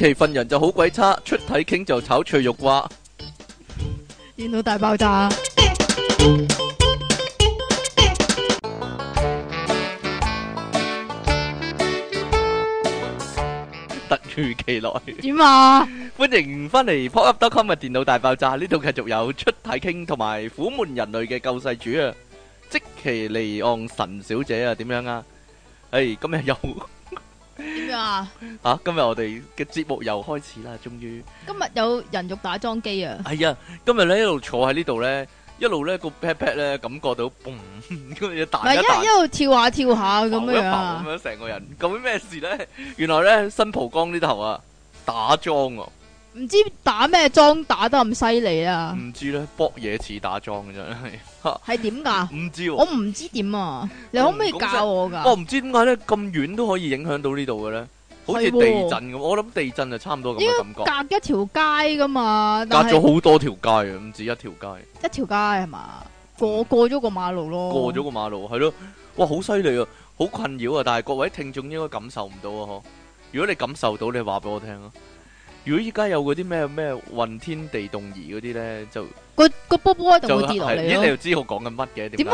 其份人就好鬼差，出體 king 就炒脆肉瓜，電腦大爆炸，突如其來。點啊？歡迎翻嚟 Pop Up dot com 嘅電腦大爆炸呢度，繼續有出體 king 同埋虎門人類嘅救世主啊！積淇離岸神小姐啊，點樣啊？誒，今日又。點樣啊？吓、啊！今日我哋嘅節目又開始啦，終於今日有人肉打樁機啊！係啊、哎，今日咧一路坐喺呢度咧，一路咧個 pat pat 咧感覺到嘣，跟住是一彈一一路跳一下跳下咁樣啊！咁樣成個人 究竟咩事咧？原來咧新蒲崗呢頭啊打樁啊、哦。唔知打咩樁打得咁犀利啊！唔知咧，搏野似打樁嘅啫，係係點噶？唔知、啊、我唔知點啊！你可唔可以教我噶？我唔、嗯嗯哦、知點解咧，咁遠都可以影響到呢度嘅咧，好似地震咁。我諗地震就差唔多咁嘅感覺。隔一條街噶嘛，隔咗好多條街啊，唔止一條街。一條街係嘛？過過咗個馬路咯，嗯、過咗個馬路係咯。哇，好犀利啊，好困擾啊！但係各位聽眾應該感受唔到啊，嗬？如果你感受到，你話俾我聽啊！如果依家有嗰啲咩咩混天地動儀嗰啲咧，就個個波波就會跌落嚟，你一嚟就知我講緊乜嘅，點解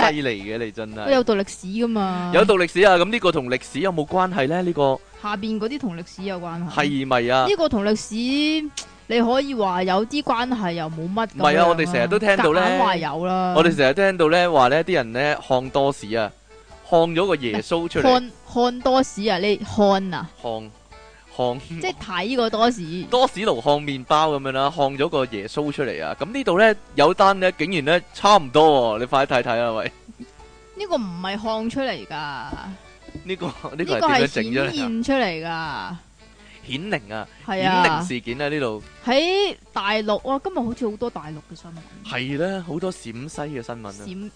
咁犀利嘅，你真係啊？我有讀歷史噶嘛？有讀歷史啊！咁呢個同歷史有冇關係咧？呢個下邊嗰啲同歷史有關係係咪啊？呢個同歷史你可以話有啲關係又冇乜。唔係啊！我哋成日都聽到咧，話有啦。我哋成日聽到咧，話呢啲人咧看多士啊，看咗個耶穌出嚟。看看多士啊！你看啊？看。烘煌即係睇個多士， 多士爐烘麵包咁樣啦，烘咗個耶穌出嚟啊！咁呢度咧有單咧，竟然咧差唔多，你快睇睇啊。喂！呢個唔係烘出嚟噶，呢、這個呢個係點樣整出嚟噶？顯靈啊！係啊！顯靈事件啊！呢度喺大陸哇，今日好似好多大陸嘅新聞。係啦、嗯，好、嗯、 多陝西嘅新聞啦。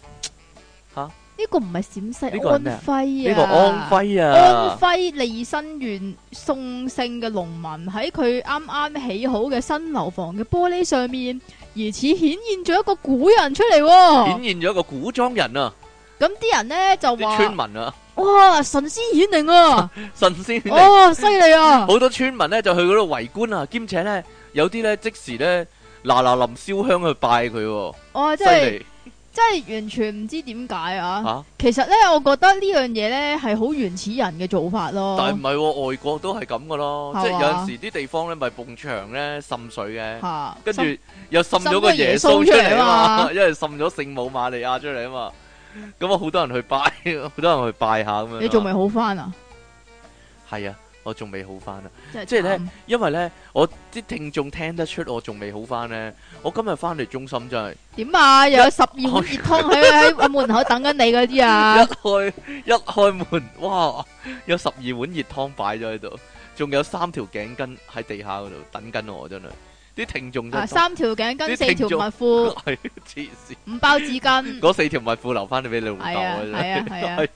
啊！閃呢個唔係陝西，安徽啊！呢個,、這個安徽啊！安徽利辛縣宋姓嘅農民喺佢啱啱起好嘅新樓房嘅玻璃上面，疑似顯現咗一個古人出嚟、哦，顯現咗一個古裝人啊！咁啲人咧就話，村民啊，哇！神仙顯靈啊！ 神仙顯，哦，犀利啊！好多村民咧就去嗰度圍觀啊，兼且咧有啲咧即時咧嗱嗱臨燒香去拜佢、啊，哇、啊！真係。啊即係完全唔知點解啊！啊，其實咧，我覺得呢樣嘢咧係好原始人嘅做法咯。但係唔係外國都係咁噶咯，吧即係有陣時啲地方咧咪埲牆咧滲水嘅，啊、跟住又滲咗個耶穌出嚟啊！滲嘛，因為滲咗聖母瑪利亞出嚟啊嘛，咁啊好多人去拜，好 多人去拜下咁樣。你仲未好返啊？係啊。我仲未好翻啊！即係咧，因為咧，我啲聽眾聽得出我仲未好翻咧。我今日翻嚟中心真係點啊！又有十二碗熱湯喺喺門口等緊你嗰啲啊！一開一開門，哇！有十二碗熱湯擺咗喺度，仲有三條頸巾喺地下嗰度等緊我，真係啲聽眾啊！三條頸巾，四條襪褲，係黐線，五包紙巾。嗰四條襪褲留翻你俾你係啊係啊！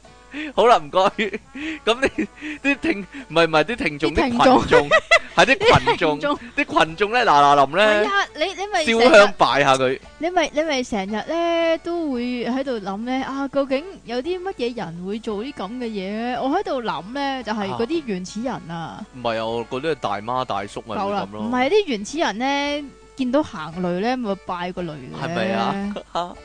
好啦，唔該，咁啲啲聽，唔係唔係啲聽眾，啲群眾，係啲群眾，啲群眾咧，嗱嗱臨咧，你你咪燒香拜下佢，你咪你咪成日咧都會喺度諗咧，啊，究竟有啲乜嘢人會做啲咁嘅嘢咧？我喺度諗咧，就係嗰啲原始人啊，唔係啊，我嗰啲係大媽大叔啊咁咯，唔係啲原始人咧。見到行雷咧，咪拜個雷係咪啊？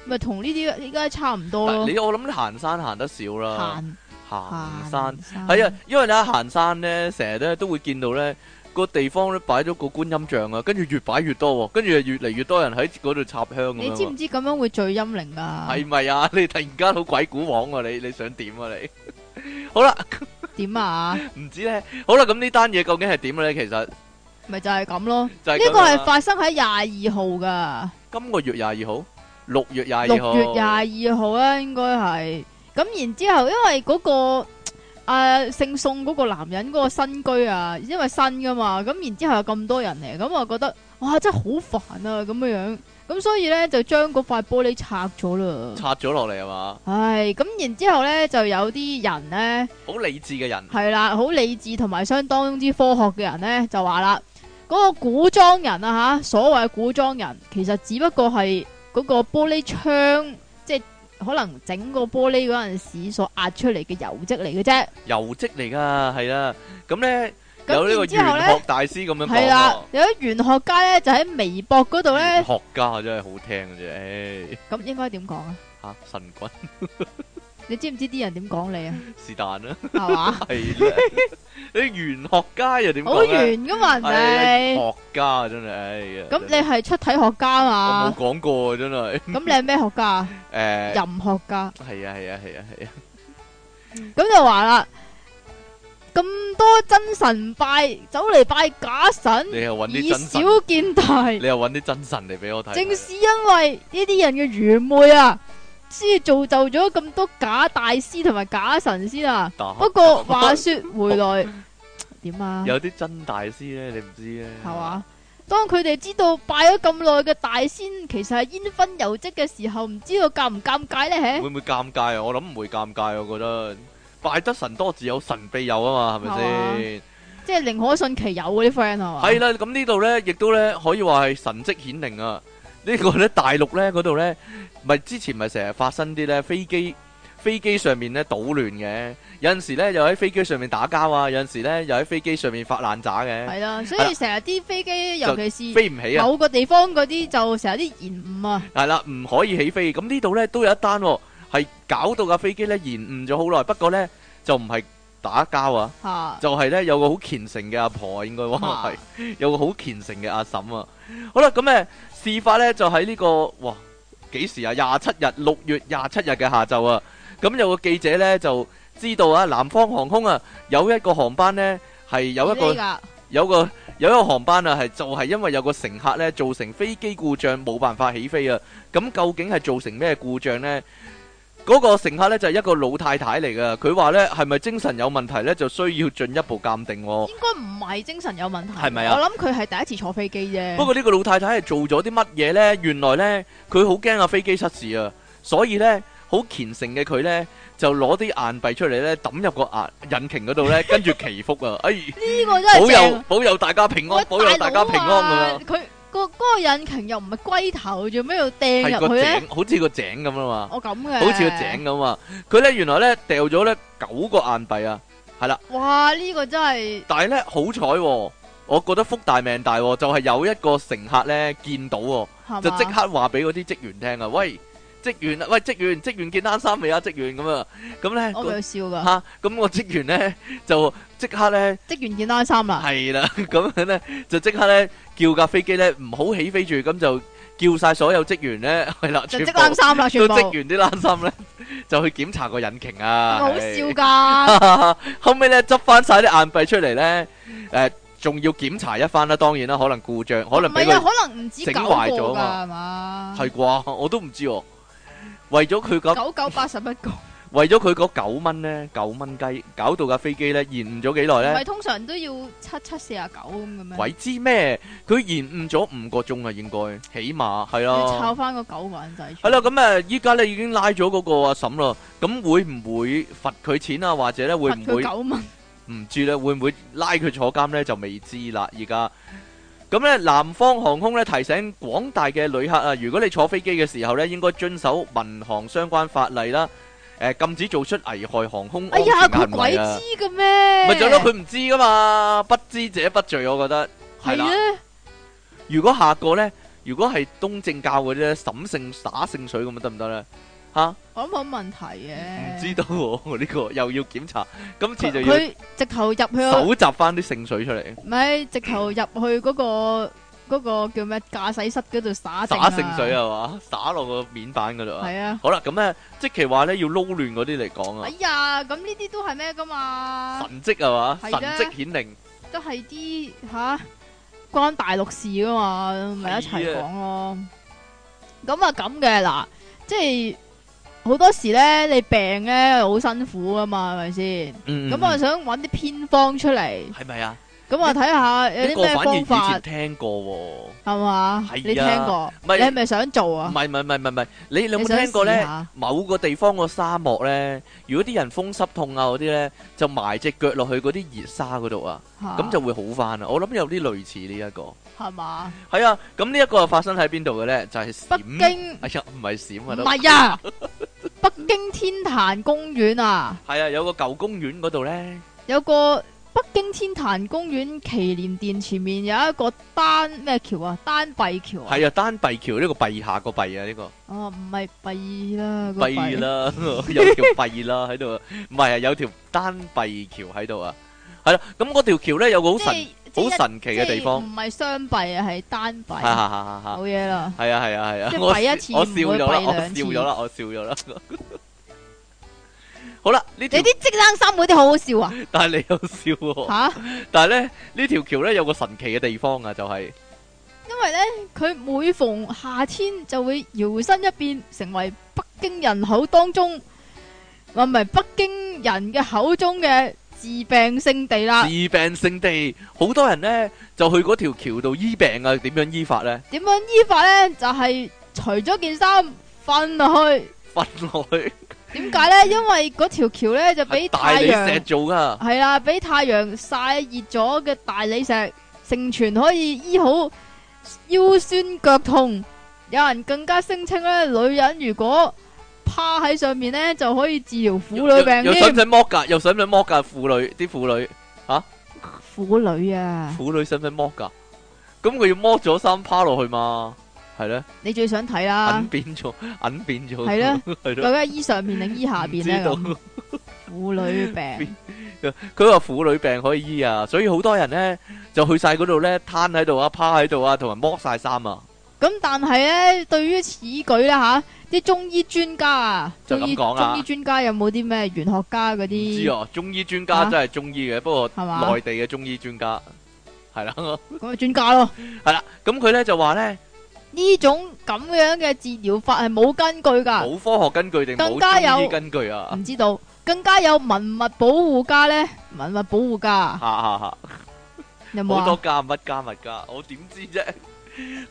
咪同呢啲應該差唔多。你我諗行山行得少啦。行行，行山係啊山，因為咧行山咧，成日咧都會見到咧個地方咧擺咗個觀音像啊，跟住越擺越多，跟住越嚟越多人喺嗰度插香 你知唔知咁樣會最陰靈啊？係咪啊？你突然間好鬼古往啊！你你想點啊？你 好啦了，點啊？唔 知咧。好啦，咁呢單嘢究竟係點咧？其實。咪就係咁咯，呢個係發生喺廿二號噶。今個月廿二號，六月廿二號，六月廿二號咧，應該係。咁然之後，因為嗰個呃姓宋嗰個男人嗰個新居啊，因為新噶嘛，咁然之後有咁多人嚟，咁我覺得哇真係好煩啊咁嘅樣，咁所以呢，就將嗰塊玻璃拆咗啦。拆咗落嚟係嘛？係，咁然之後咧就有啲人呢，好理智嘅人，係啦，好理智同埋相當之科學嘅人呢，就話啦。嗰個古裝人啊，吓，所謂古裝人其實只不過係嗰個玻璃窗，即係可能整個玻璃嗰陣時所壓出嚟嘅油漬嚟嘅啫，油漬嚟㗎，係啦，咁咧那有呢個玄學大師咁樣講，係啦，有啲玄學家咧就喺微博嗰度咧，玄學家真係好聽嘅啫。誒，咁應該點講啊？吓，神棍。 你知唔知啲人點講你啊？是但啊，係嘛？係你玄學家又點？好玄噶嘛，你學家啊真係。咁你係出體學家嘛？我冇講過真係。咁你係咩學家啊？誒，任學家。係啊係啊係啊係啊。咁就話啦，咁多真神拜，走嚟拜假神。你又揾啲真小見大。你又揾啲真神嚟俾我睇。正是因為呢啲人嘅愚昧啊！先係造就咗咁多假大師同埋假神仙啊！不過話說回來，點啊？有啲真大師咧，你唔知咧。係嘛？當佢哋知道拜咗咁耐嘅大仙，其實係煙熏油漬嘅時候，唔知道尷唔尷尬咧？會唔會尷尬啊？我諗唔會尷尬，我覺得拜得神多自有神庇佑啊嘛，係咪先？即係寧可信其有嗰啲 friend 係嘛？係啦，咁呢度咧，亦都咧可以話係神跡顯靈啊！個呢個咧大陸咧嗰度咧，咪之前咪成日發生啲咧飛機飛機上面咧搗亂嘅，有陣時咧又喺飛機上面打交啊，有陣時咧又喺飛機上面發爛渣嘅。係啦，所以成日啲飛機，尤其是飛唔起啊，某個地方嗰啲就成日啲延誤啊。係啦，唔可以起飛。咁呢度咧都有一單係、啊、搞到架飛機咧延誤咗好耐，不過咧就唔係打交啊，啊就係咧有個好虔誠嘅阿婆、啊、應該喎，係、啊、 有個好虔誠嘅阿嬸啊。好啦，咁、嗯、誒。嗯事發呢就喺呢個哇幾時啊？廿七日六月廿七日嘅下晝啊，咁、嗯、有個記者呢就知道啊，南方航空啊有一個航班呢，係有一個的有一個有一個航班啊係就係因為有個乘客呢，造成飛機故障冇辦法起飛啊，咁、嗯嗯、究竟係造成咩故障呢？嗰個乘客咧就係一個老太太嚟嘅，佢話咧係咪精神有問題咧，就需要進一步鑑定喎。應該唔係精神有問題，係咪啊？我諗佢係第一次坐飛機啫。不過呢個老太太係做咗啲乜嘢咧？原來咧佢好驚啊飛機失事啊，所以咧好虔誠嘅佢咧就攞啲硬幣出嚟咧抌入個壓引擎嗰度咧，跟住祈福啊！哎，呢個真係保佑保佑大家平安，保佑大家平安㗎啦！佢。個個引擎又唔係龜頭，做咩要掟入去咧？係個井，呢好似個井咁啊嘛！我咁嘅，好似個井咁啊！佢咧原來咧掉咗咧九個硬幣啊，係啦！哇！呢個真係，但係咧好彩，我覺得福大命大，啊，就係、是、有一個乘客咧見到、啊，嗎就即刻話俾嗰啲職員聽啊！喂！職員啦，喂職員，職員件單衫未啊？職員咁啊，咁咧、那個、我有笑噶吓，咁、啊那個職員咧就即刻咧，職員件單衫啦，係啦，咁樣咧就即刻咧叫架飛機咧唔好起飛住，咁就叫晒所有職員咧去立住，單衫啦，全部，職全部都啲單衫咧， 就去檢查個引擎啊，好笑噶， 後尾咧執翻晒啲硬幣出嚟咧，誒、呃，仲要檢查一番啦，當然啦，可能故障，可能唔係啊，可能唔知九個啊係嘛，係啩？我都唔知、啊。 為咗佢個九九八十一個，為咗佢嗰九蚊咧，九蚊雞搞到架飛機咧延誤咗幾耐咧？唔係通常都要七七四十九咁嘅咩？鬼知咩？佢延誤咗五個鐘啊，應該起碼係啦。你抄翻個九個銀仔出。係啦，咁啊，依家咧已經拉咗嗰個阿嬸咯，咁會唔會罰佢錢啊？或者咧會唔會？罰佢九蚊。唔知咧，會唔會拉佢坐監咧？就未知啦，而家。咁咧，南方航空咧提醒廣大嘅旅客啊，如果你坐飛機嘅時候咧，應該遵守民航相關法例啦。誒、呃，禁止做出危害航空安全嘅。哎呀呦，佢鬼、啊、知嘅咩？咪就咯，佢唔知噶嘛，不知者不罪，我覺得係的啦。如果下個咧，如果係東正教嗰啲，審性灑聖水咁啊，得唔得咧？吓，啊、我諗冇問題嘅。唔知道我、啊、呢、呢個又要檢查，今次就要佢直頭入去搜集翻啲聖水出嚟。唔係，直頭入去嗰、嗰個 個叫咩駕駛室嗰度灑聖灑聖水係嘛，灑落個面板嗰度啊。係是啊。好啦，咁咧積淇話咧要撈亂嗰啲嚟講啊。哎呀，咁呢啲都係咩噶嘛？神蹟係嘛？神蹟顯靈都係啲吓關大陸事噶嘛？咪一齊講咯。咁啊咁嘅嗱，即、就、係、是。就是好多時咧，你病咧好辛苦噶嘛，係咪先？咁我，想揾啲偏方出嚟，係咪啊？咁我睇下有啲咩方法。你過完以前聽過係嘛？你聽過？你係咪想做啊？唔係唔係唔係唔係，你有冇聽過咧？某個地方個沙漠咧，如果啲人風濕痛啊嗰啲咧，就埋隻腳落去嗰啲熱沙嗰度啊，咁就會好翻啊！我諗有啲類似呢一個，係嘛？係啊，咁呢一個發生喺邊度嘅咧？就係北京。哎呀，唔係閃我都。唔係啊！北京天壇公園啊，係啊，有個舊公園嗰度咧，有個北京天壇公園祈年殿前面有一個單咩橋啊，單臂橋，係啊，單臂橋呢個陛下個臂啊，呢、這個哦，唔係臂啦，臂啦， 有條臂啦喺度，啊， 唔係啊，有條單臂橋喺度啊，係啦，咁嗰條橋咧有個好神。欸好神奇嘅地方，唔係雙幣啊，係單幣。係係係冇嘢啦。係啊係啊係啊，啊。啊、即係我一次我笑咗，我笑咗啦，我笑咗啦。啦 好啦，你啲即冷衫嗰啲好好笑啊！ 但係你又笑喎、哦啊、 但係咧呢條橋咧有個神奇嘅地方啊，就係、是、因為咧佢每逢夏天就會搖身一變成為北京人口當中，我唔係北京人嘅口中嘅。治病聖地啦，治病聖地，好多人咧就去嗰條橋度醫病啊？點樣醫法咧？點樣醫法咧？就係除咗件衫瞓落去，瞓落去。點解咧？因為嗰條橋咧就俾大理石做噶，係啊，俾太陽曬熱咗嘅大理石盛傳，可以醫好腰酸腳痛。有人更加聲稱咧，女人如果。趴喺上面咧就可以治療婦女病。又使唔使剝噶？又使唔使剝噶？婦女啲婦女吓？婦女啊？婦女使唔使剝噶？咁佢要剝咗衫趴落去嘛。係咧？你最想睇啦？銀變咗，銀變咗。係咧，係咯。究竟醫上面定醫下邊咧？婦女病。佢話婦女病可以醫啊，所以好多人咧就去晒嗰度咧攤喺度啊，趴喺度啊，同埋剝晒衫啊。咁但係咧，對於此舉咧，吓啲中醫專家啊，就咁講啦。中醫專家有冇啲咩玄學家嗰啲？唔知哦，中醫專家真係中醫嘅，不過係嘛？內地嘅中醫專家係啦，咁啊專家咯，係啦。咁佢咧就話咧，呢種咁樣嘅治療法係冇根據噶，冇科學根據定更加有根據啊？唔知道，更加有文物保護家咧，文物保護家，吓吓吓，有冇？好多家物家物家，我點知啫？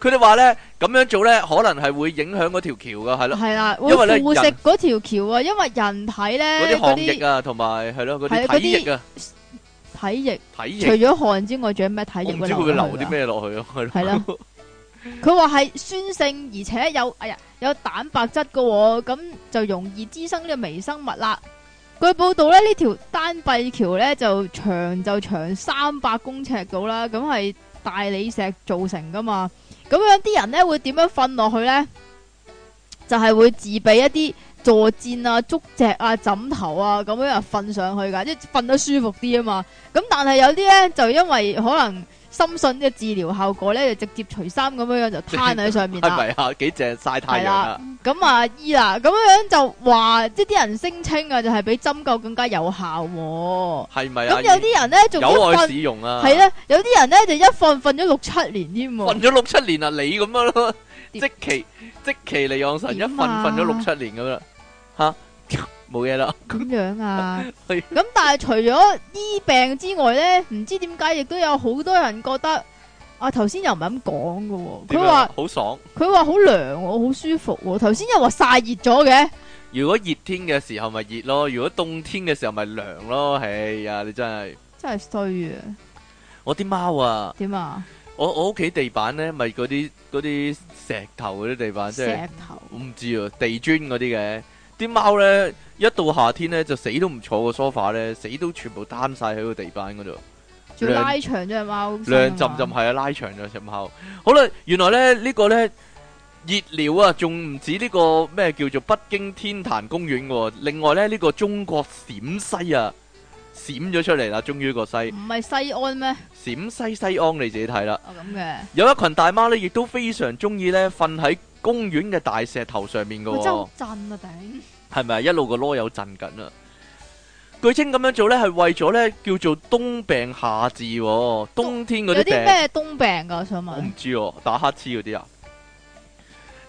佢哋話咧咁樣做咧，可能係會影響嗰條橋噶，係咯，係啦，會腐蝕嗰條橋啊，因為人體咧啲汗液啊，同埋係咯嗰啲體液啊，體液，體液除咗汗之外，仲有咩體液？我唔知佢會流啲咩落去咯，係咯。佢話係酸性，而且有哎呀有蛋白質噶，咁就容易滋生呢個微生物啦。據報道咧，呢條丹碧橋咧就長就長三百公尺到啦，咁係。大理石造成噶嘛，咁樣啲人咧會點樣瞓落去咧？就係、是、會自備一啲坐墊啊、竹席啊、枕頭啊咁樣啊瞓上去噶，即係瞓得舒服啲啊嘛。咁但係有啲咧就因為可能。深信嘅治療效果咧、 啊啊啊，就直接除衫咁樣樣就攤喺上面啦，係咪啊？幾正曬太陽啊！咁啊醫啦，咁樣樣就話即啲人聲稱啊，就係比針灸更加有效，係咪啊？咁、啊、有啲人咧，仲有愛使用瞓、啊，係咧、啊，有啲人咧就一瞓瞓咗六七年添、啊，瞓咗六七年啊！你咁樣咯、啊， 即其，即其嚟養神，啊、一瞓瞓咗六七年咁、啊、啦，吓、啊。 冇嘢咯，咁樣啊？咁 但係除咗醫病之外呢，唔知點解亦都有好多人覺得，啊頭先又唔係咁講嘅喎，佢話好爽，佢話好涼，喎好舒服、哦。頭先又話曬熱咗嘅。如果熱天嘅時候咪熱咯，如果凍天嘅時候咪涼咯。哎呀、啊，你真係真係衰啊！我啲貓啊，點啊？我我屋企地板呢咪嗰啲嗰啲石頭嗰啲地板，石頭，我唔知啊，地磚嗰啲嘅。啲貓呢，一到夏天呢，就死都唔坐個梳化呢，呢死都全部攤晒喺個地板嗰度，仲拉長咗隻貓，兩浸浸係啊拉長咗隻貓。好啦，原來呢，呢、這個呢熱療啊，仲唔止呢、這個咩叫做北京天壇公園噶、啊，另外呢，呢、這個中國陝西啊。閃咗出嚟啦，終於個西唔係西安咩？陝西西安你自己睇啦。哦咁嘅。有一群大媽咧，亦都非常中意咧瞓喺公園嘅大石頭上面噶、哦。真係震啊頂！係咪一路個囉柚震緊啊？據稱咁樣做咧係為咗咧叫做冬病夏治、哦，冬天嗰啲咩冬病噶我想問？我唔知哦，打乞嗤嗰啲啊。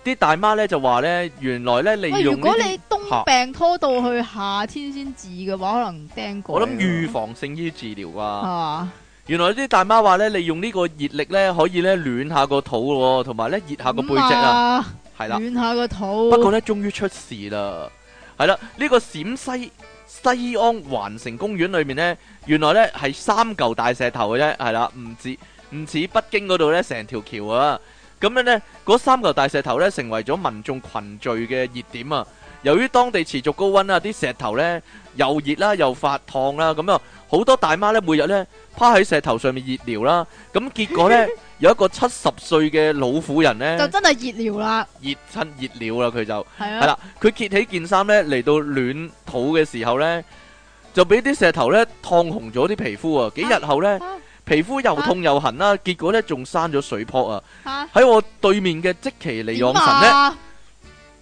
啲大媽咧就話咧，原來咧利用。如果你冬病拖到去夏天先治嘅話，啊、可能釘過。我諗預防性醫治療啩。係嘛？原來啲大媽話咧，利用呢個熱力咧，可以咧暖下個肚喎，同埋咧熱下個背脊、嗯、啊。係、啊、啦，暖下個肚。不過咧，終於出事啦。係啦，呢個陝西西安環城公園裏面咧，原來咧係三嚿大石頭嘅啫。係啦，唔似唔似北京嗰度咧，成條橋啊。咁樣咧，嗰三個大石頭咧，成為咗民眾群聚嘅熱點啊！由於當地持續高溫啦，啲石頭咧又熱啦又發燙啦，咁啊好多大媽咧每日咧趴喺石頭上面熱療啦。咁結果咧有一個七十歲嘅老婦人咧，就真係熱療啦，熱親熱療啦佢就係啦，佢揭起件衫咧嚟到暖肚嘅時候咧，就俾啲石頭咧燙紅咗啲皮膚啊！幾日後咧。皮膚又痛又痕啦，啊、結果咧仲生咗水疱！啊、喺、啊、我對面嘅積淇離岸神咧，啊、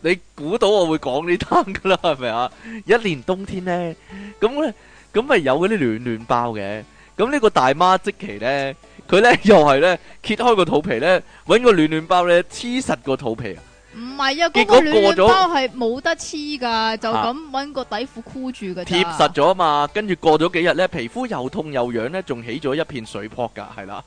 你估到我會講呢單噶啦，係咪啊？一年冬天咧，咁咧咁咪有嗰啲暖暖包嘅，咁呢個大媽積淇咧，佢咧又係咧揭開個肚皮咧，搵個暖暖包咧黐實個肚皮啊！唔係啊，嗰個暖包係冇得黐噶，就咁揾個底褲箍住噶，貼實咗嘛。跟住過咗幾日呢，皮膚又痛又癢呢，仲起咗一片水泡噶，係啦。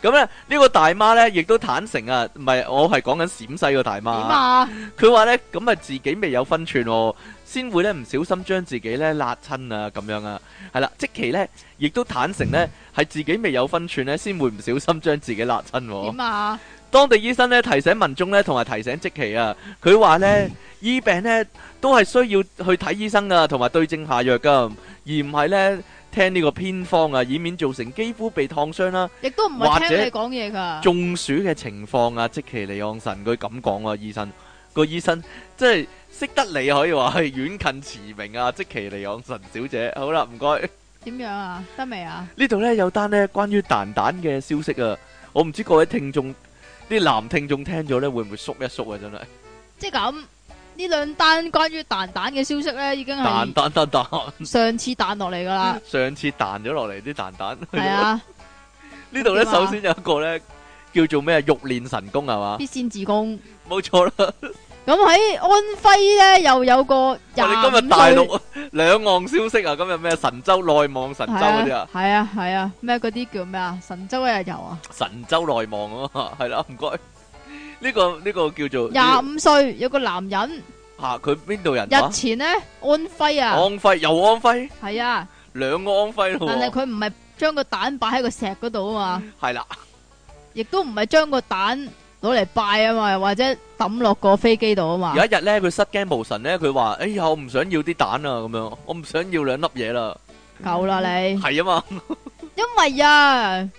咁咧呢、呢個大媽呢，亦都坦誠啊，唔係我係講緊陝西個大媽。佢話、啊、呢，咁啊自己未有分寸、哦，先會呢唔小心將自己呢辣親啊咁樣啊。係啦，即期呢，亦都坦誠呢，係自己未有分寸呢，先會唔小心將自己辣親、啊。當地醫生咧，提醒民眾咧，同埋提醒積淇啊，佢話咧，醫病咧都係需要去睇醫生噶，同埋對症下藥噶，而唔係咧聽呢個偏方啊，以免造成肌膚被燙傷啦。亦都唔係聽你講嘢噶。中暑嘅情況啊，積淇離岸神佢咁講啊，醫生個醫生即係識得你可以話係遠近馳名啊，積淇離岸神小姐，好啦，唔該。點樣啊？得未啊？呢度咧有單咧關於蛋蛋嘅消息啊，我唔知各位聽眾。啲男聽眾聽咗咧會唔會縮一縮啊？真係，即係咁呢兩單關於蛋蛋嘅消息咧，已經係蛋蛋蛋蛋，上次彈落嚟噶啦， 上次彈咗落嚟啲蛋蛋係啊， 呢度咧、啊、首先有一個咧叫做咩啊，欲練神功係嘛，必先自宮，冇錯啦。咁喺安徽咧，又有個廿五歲。我哋今日大陸、兩岸消息啊，今日咩神州內望神州嗰啲啊，係啊係啊咩嗰啲叫咩啊？神州一日遊啊！神州內望啊嘛，係啦，唔該。呢個呢個叫做廿五歲，有個男人。吓，佢邊度人？日前咧，安徽啊，安徽又安徽。係啊，兩個安徽咯。但係佢唔係將個蛋擺喺個石嗰度啊嘛。係啦，亦都唔係將個蛋。攞嚟拜啊嘛，或者抌落個飛機度啊嘛。有一日咧，佢失驚無神咧，佢話：哎呀，我唔想要啲蛋啊，咁樣，我唔想要兩粒嘢啦，夠啦你。係啊 的嘛， 因為啊。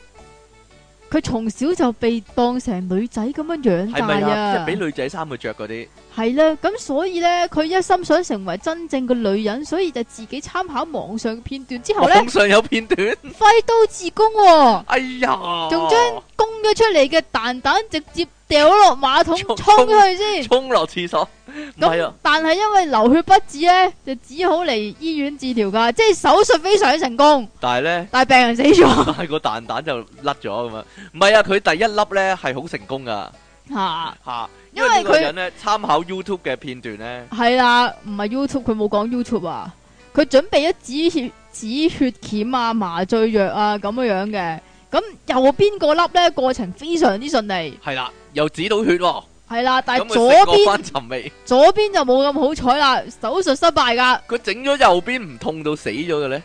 佢從小就被當成女仔咁樣養大啊！俾、啊、即係女仔衫去着嗰啲係啦，咁所以咧，佢一心想成為真正嘅女人，所以就自己參考網上片段之後咧，網上有片段揮刀自宮、哦，哎呀，仲將供咗出嚟嘅蛋蛋直接掉落馬桶沖 衝去先，沖落廁所。咁、嗯是啊、但係因為流血不止呢，就只好嚟醫院治療噶，即係手術非常之成功。但係呢，但係病人死咗，但係個蛋蛋就甩咗咁啊！唔係啊，佢第一粒呢係好成功噶吓吓， 因為佢呢參考 YouTube 嘅片段呢，係啦，唔係 YouTube，佢冇講 YouTube 啊，佢、啊、準備咗止血止血鉗啊、麻醉藥啊咁樣樣嘅，咁右邊個粒呢，過程非常之順利，係啦、啊，又止到血、哦。係啦，但係左邊左邊就冇咁好彩啦，手術失敗噶。佢整咗右邊唔痛到死咗嘅咧，誒、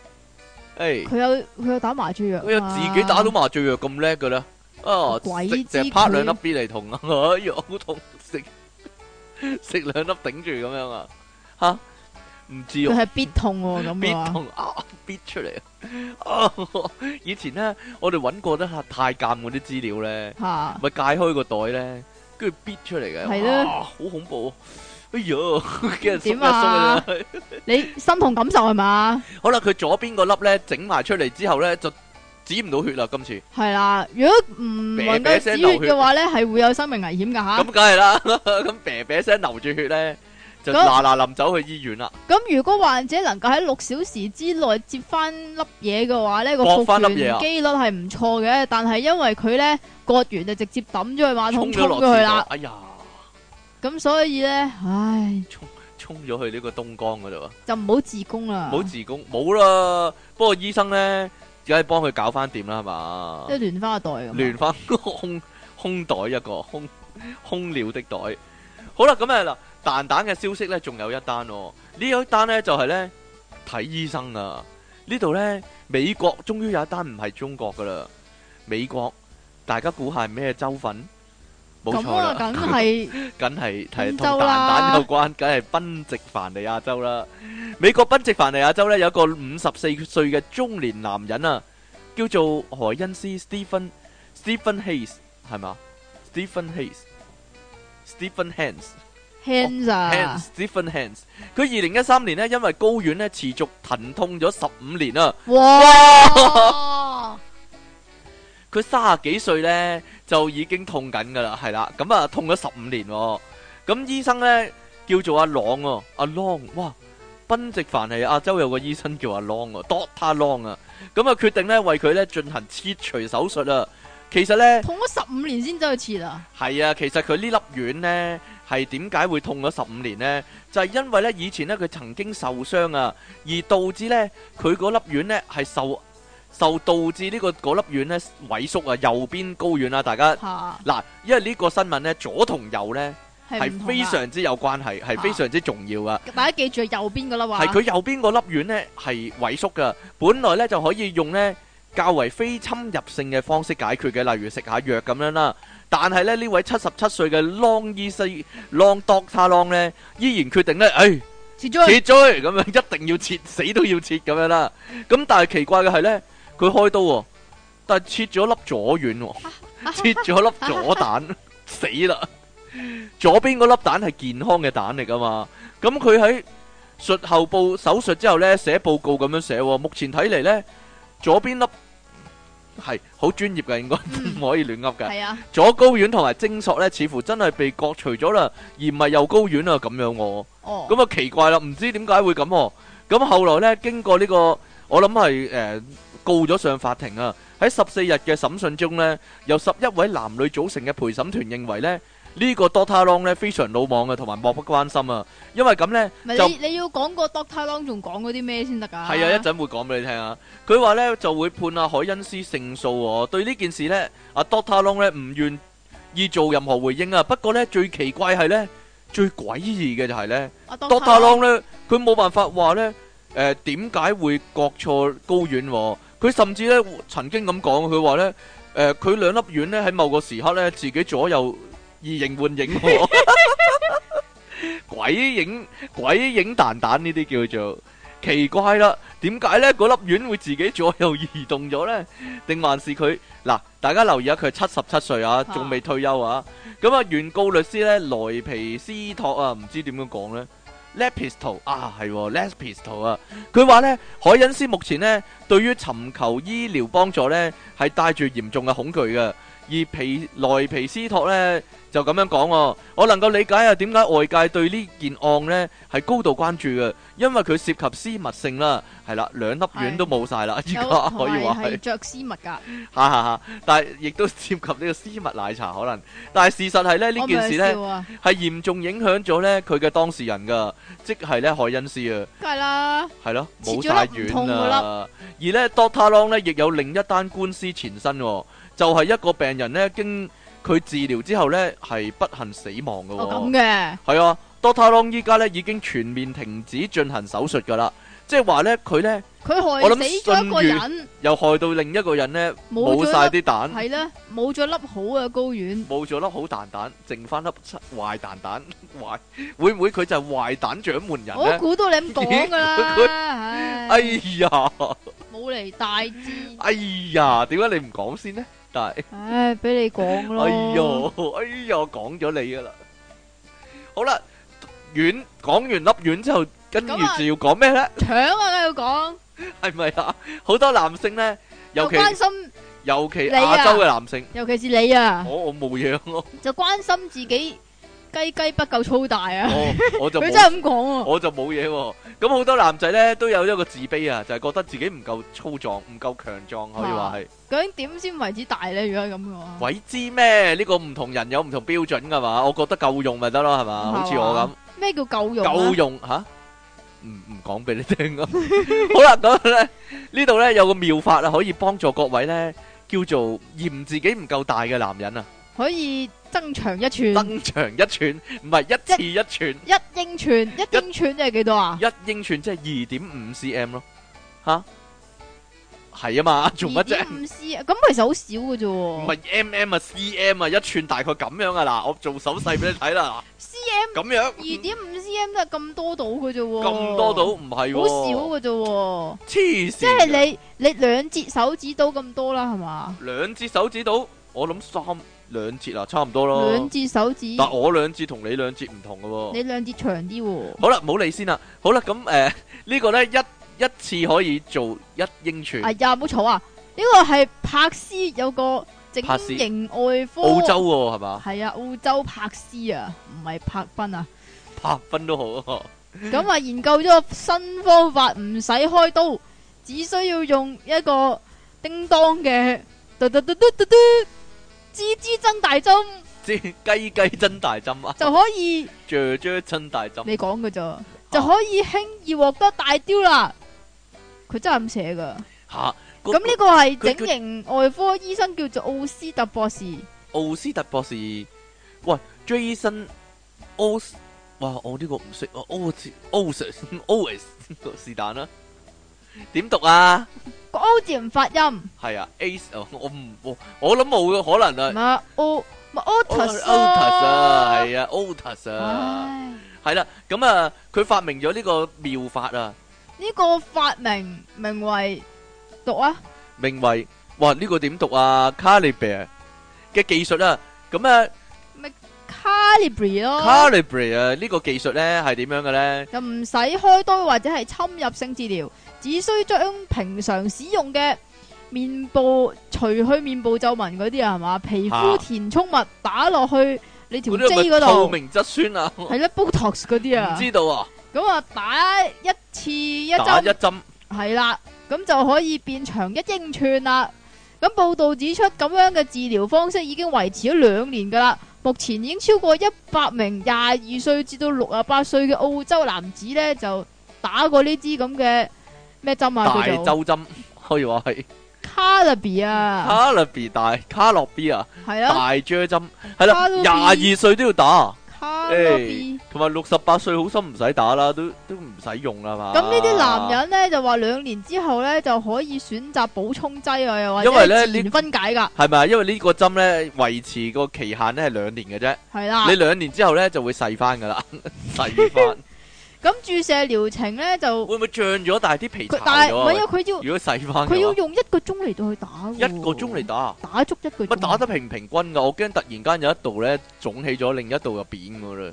欸，佢有佢有打麻醉藥，佢、啊、有自己打到麻醉藥咁叻嘅咧，啊，鬼拍兩粒鱉嚟痛啊，哎呀，好痛，痛，食食兩粒頂住咁樣啊，吓，唔知用。佢係必痛喎，咁啊，必痛啊，必出嚟啊，以前咧我哋搵過得太監嗰啲資料咧，咪解、啊、開個袋咧。跟住逼出嚟嘅，係啦哇，好恐怖！哎呀，點啊？ 你心痛感受係嘛？好啦，佢左邊個粒咧整埋出嚟之後咧就止唔到血啦，今次係啦。如果唔搵到止血嘅話咧，係會有生命危險噶吓。咁梗係啦，咁啤啤聲流住血咧。就嗱嗱臨走去醫院啦。咁如果患者能夠喺六小時之內接翻粒嘢嘅話咧，那個復原機率係唔錯嘅。但係因為佢咧割完就直接抌咗去馬桶沖咗去啦。哎呀，咁所以咧，唉，冲沖咗去呢個東江嗰度。就唔好自宮啦，唔好自宮，冇啦。不過醫生咧只係幫佢搞翻掂啦，係嘛？即係連翻個袋咁，連翻個空空袋一個空空鳥的袋。好啦， 咁啊嗱。 蛋蛋嘅消息咧，仲有一單咯。呢一單咧就係咧，睇醫生啊。呢度咧，美國終於有一單唔係中國噶啦。美國大家估下係咩州份？冇錯啦，咁係，咁係同蛋蛋有關，梗係賓夕凡尼亞州啦。美國賓夕凡尼亞州咧有一個五十四歲嘅中年男人啊，叫做何恩斯 Stephen Stephen Hayes 係咪？Stephen Hayes Stephen Hands。Hands，Stephen，oh, Hands。佢二零一三年呢，因為高院呢持續疼痛咗十五年啦，啊。哇！佢 十幾歲呢，就已經痛緊噶啦，係啦。咁啊，痛咗十五年。咁醫生呢，叫做阿朗哦，阿朗哇，賓夕凡係亞洲有個醫生叫阿朗哦，Doctor Long 啊。咁啊，決定呢，為佢呢進行切除手術啊。其實呢，痛咗十五年先走去切啊。係啊，其實佢呢粒丸呢。係點解會痛咗十五年咧？就係因為咧，以前咧佢曾經受傷啊，而導致咧佢嗰粒丸咧係受，受導致呢個嗰粒丸咧萎縮啊，右邊睾丸啦，大家。吓嗱，因為呢個新聞咧，左同右咧係非常之有關係，係非常之重要噶。大家記住，右邊個粒丸，係佢右邊個粒丸咧係萎縮噶，本來咧就可以用咧較為非侵入性嘅方式解決嘅，例如食下藥咁樣啦。但係咧，呢位七十七歲嘅 Long 醫生 Long Doctor Long 咧，依然決定咧，唉，切咗，切咗，咁樣一定要切，死都要切咁樣啦。咁但係奇怪嘅係咧，佢開刀喎，但係切咗粒左丸，切咗粒左蛋，死啦！左邊嗰粒蛋係健康嘅蛋嚟㗎嘛。咁佢喺術後報手術之後咧，寫報告咁樣寫喎，目前睇嚟咧，左邊粒。係好專業噶，應該唔可以亂噏嘅。係啊，左高院同埋精索咧，似乎真係被割除咗啦，而唔係右高院啊，咁樣我。哦。咁啊奇怪啦，唔知點解會咁。咁後來咧，經過呢個，我諗係誒告咗上法庭啊。喺十四日嘅審訊中咧，由十一位男女組成嘅陪審團認為咧。呢個 Doctor Long 咧非常魯莽嘅，同埋漠不關心啊！因為咁咧，就你要講個 Doctor Long，仲講嗰啲咩先得噶？係啊，一陣會講俾你聽啊！佢話咧就會判阿海恩斯勝訴喎。對呢件事咧，阿 Doctor Long 咧唔願意做任何回應啊。不過咧，最奇怪係咧，最詭異嘅就係咧，Doctor Long 咧佢冇辦法話咧誒點解會割錯睾丸喎？佢甚至咧曾經咁講，佢話咧誒佢兩粒丸咧喺某個時刻咧自己左右。異形換影，鬼影鬼影蛋蛋呢啲叫做奇怪啦。點解咧？嗰粒丸會自己左右移動咗咧？定還是佢嗱？大家留意下，佢係七十七歲啊，仲未退休啊。咁啊，原告律師咧，萊皮斯托啊，唔知點樣講咧，Lepisto 啊，係 Lepisto 啊。佢話咧，海因斯目前咧，對於尋求醫療幫助咧，係帶住嚴重嘅恐懼嘅。而皮內皮斯托咧就咁樣講、哦，我能夠理解啊，點解外界對呢件案呢係高度關注嘅？因為佢涉及私密性啦，係啦，兩粒丸都冇晒啦，依家是可以話係着私密噶，吓哈、啊，吓、啊啊！但係亦都涉及呢個私密奶茶可能，但係事實係咧呢件事呢，係嚴、啊、重影響咗呢佢嘅當事人噶，即係呢海恩斯啦啊，都係啦，係咯，冇咗丸唔痛噶啦，而呢 Doctor Long 呢，亦有另一單官司纏身、哦。就係一個病人咧，經佢治療之後咧，係不幸死亡噶。哦，咁嘅、哦。係啊，Doctor Long 依家咧已經全面停止進行手術噶啦。即係話咧，佢咧，佢他害死咗一個人，又害到另一個人咧，冇晒啲蛋。係咧，冇咗粒好嘅睾丸。冇咗粒好蛋蛋，剩翻粒七壞蛋蛋壞。會唔會佢就係壞蛋掌門人咧？我估到你咁講噶啦。 哎呀，冇嚟大戰。哎呀，點解你唔講先呢？唉，俾你講啦。哎喲，哎喲，我講咗你噶啦。好啦，丸講完粒丸之後，跟住就要講咩咧？搶啊，要講。係咪啊？好多男性咧，尤其關心，尤其亞洲嘅男性，尤其是你啊。我我冇嘢咯。就關心自己。雞雞不夠粗大啊！佢真係咁講，我就冇嘢。咁好、 啊啊、多男仔呢，都有一個自卑啊，就係、是、覺得自己唔夠粗壯，唔夠強壯，可以話係、啊。究竟點先為之大呢？如果係咁嘅話，鬼知咩？呢、這個唔同人有唔同標準噶嘛？我覺得夠用咪得咯，係嘛？吧好似我咁。咩叫夠用，用？夠用吓？唔唔講俾你聽啊！ 好啦，咁、那個、呢度呢，有個妙法啊，可以幫助各位呢，叫做嫌自己唔夠大嘅男人啊。可以增長一寸，增長一寸唔係一次一寸，一英寸，一英寸即係幾多啊？一英寸即係二點五 c m 咯，吓係啊嘛？做乜啫？二點五 c m 咁其實好少嘅啫，唔係 m m 啊，c m 啊，一寸大概咁樣啊。嗱，我做手勢俾你睇啦，c m 咁樣，二點五 c m 都係咁多到嘅啫，咁多到唔係好少嘅啫。黐線，即係你你兩隻手指到咁多啦，係嘛？兩隻手指到，我諗三。兩節啊，差唔多咯。兩節手指但、啊。嗱、啊，我兩節同你兩節唔同嘅喎。你兩節長啲喎。好啦，冇理先啦。好、呃、啦，咁、這、誒、個，呢個咧一一次可以做一英寸。係、哎、呀，冇錯啊。呢、這個係柏斯有個整形外科。澳洲喎、啊，係嘛？係啊，澳洲柏斯啊，唔係柏分啊。柏分都好。咁啊， 研究咗個新方法，唔使開刀，只需要用一個叮當嘅嘟嘟嘟嘟嘟。枝枝增大針，雞雞增大針啊！就可以雀雀增大針， 你講嘅咋，啊、就可以輕易獲得大雕啦。佢真係咁寫噶吓，咁呢、啊、個係整形外科醫生叫做奧斯特博士。奧斯特博士，喂，Jason，奧斯，哇，我呢個唔識，Always 是但啦。哦點讀啊？O 字唔發音。係啊，A 哦，我唔我諗冇可能啊。乜 O 乜 Otus 啊？係啊，Otus 啊。係啦，咁啊，佢發明咗呢個妙法啊。呢個發明名為讀啊。名為哇，呢個點讀啊？Calibre 嘅技術啊，咁啊咪 Calibre 咯。Calibre 啊，呢個技術咧係點樣嘅咧？就唔使開刀或者係侵入性治療。只需將平常使用嘅面部除去面部皺紋嗰啲啊，係嘛皮膚填充物打落去你條肌嗰度。係咪透明質酸啊？係咯 Botox 嗰啲啊。唔知道啊。咁啊，打一次一針一針係啦，咁就可以變長一英寸啦。咁報道指出，咁樣嘅治療方式已經維持咗兩年噶啦。目前已經超過一百名廿二歲至到六十八歲嘅澳洲男子咧，就打過呢支咁嘅。咩針啊？啊大雀針可以話係。卡樂 B 啊，卡樂 B 大卡樂 B 啊，係啊，大雀針係啦，廿二歲都要打。卡樂 B 同埋六十八歲好心唔使打啦，都都唔使用啦嘛。咁呢啲男人咧就話兩年之後咧就可以選擇補充劑啊，又話因為全分解噶。係咪啊？因為個針呢個針咧維持個期限咧係兩年嘅啫。係啦，你兩年之後咧就會細翻噶啦，細 翻來。 咁注射療程咧就會唔會脹咗？但係啲皮，但係唔係啊！佢要如果細翻，佢要用一個鐘嚟到去打，一個鐘嚟打，打足一個鐘。乜打得平唔平均噶？我驚突然間有一度咧腫起咗，另一度又扁噶啦，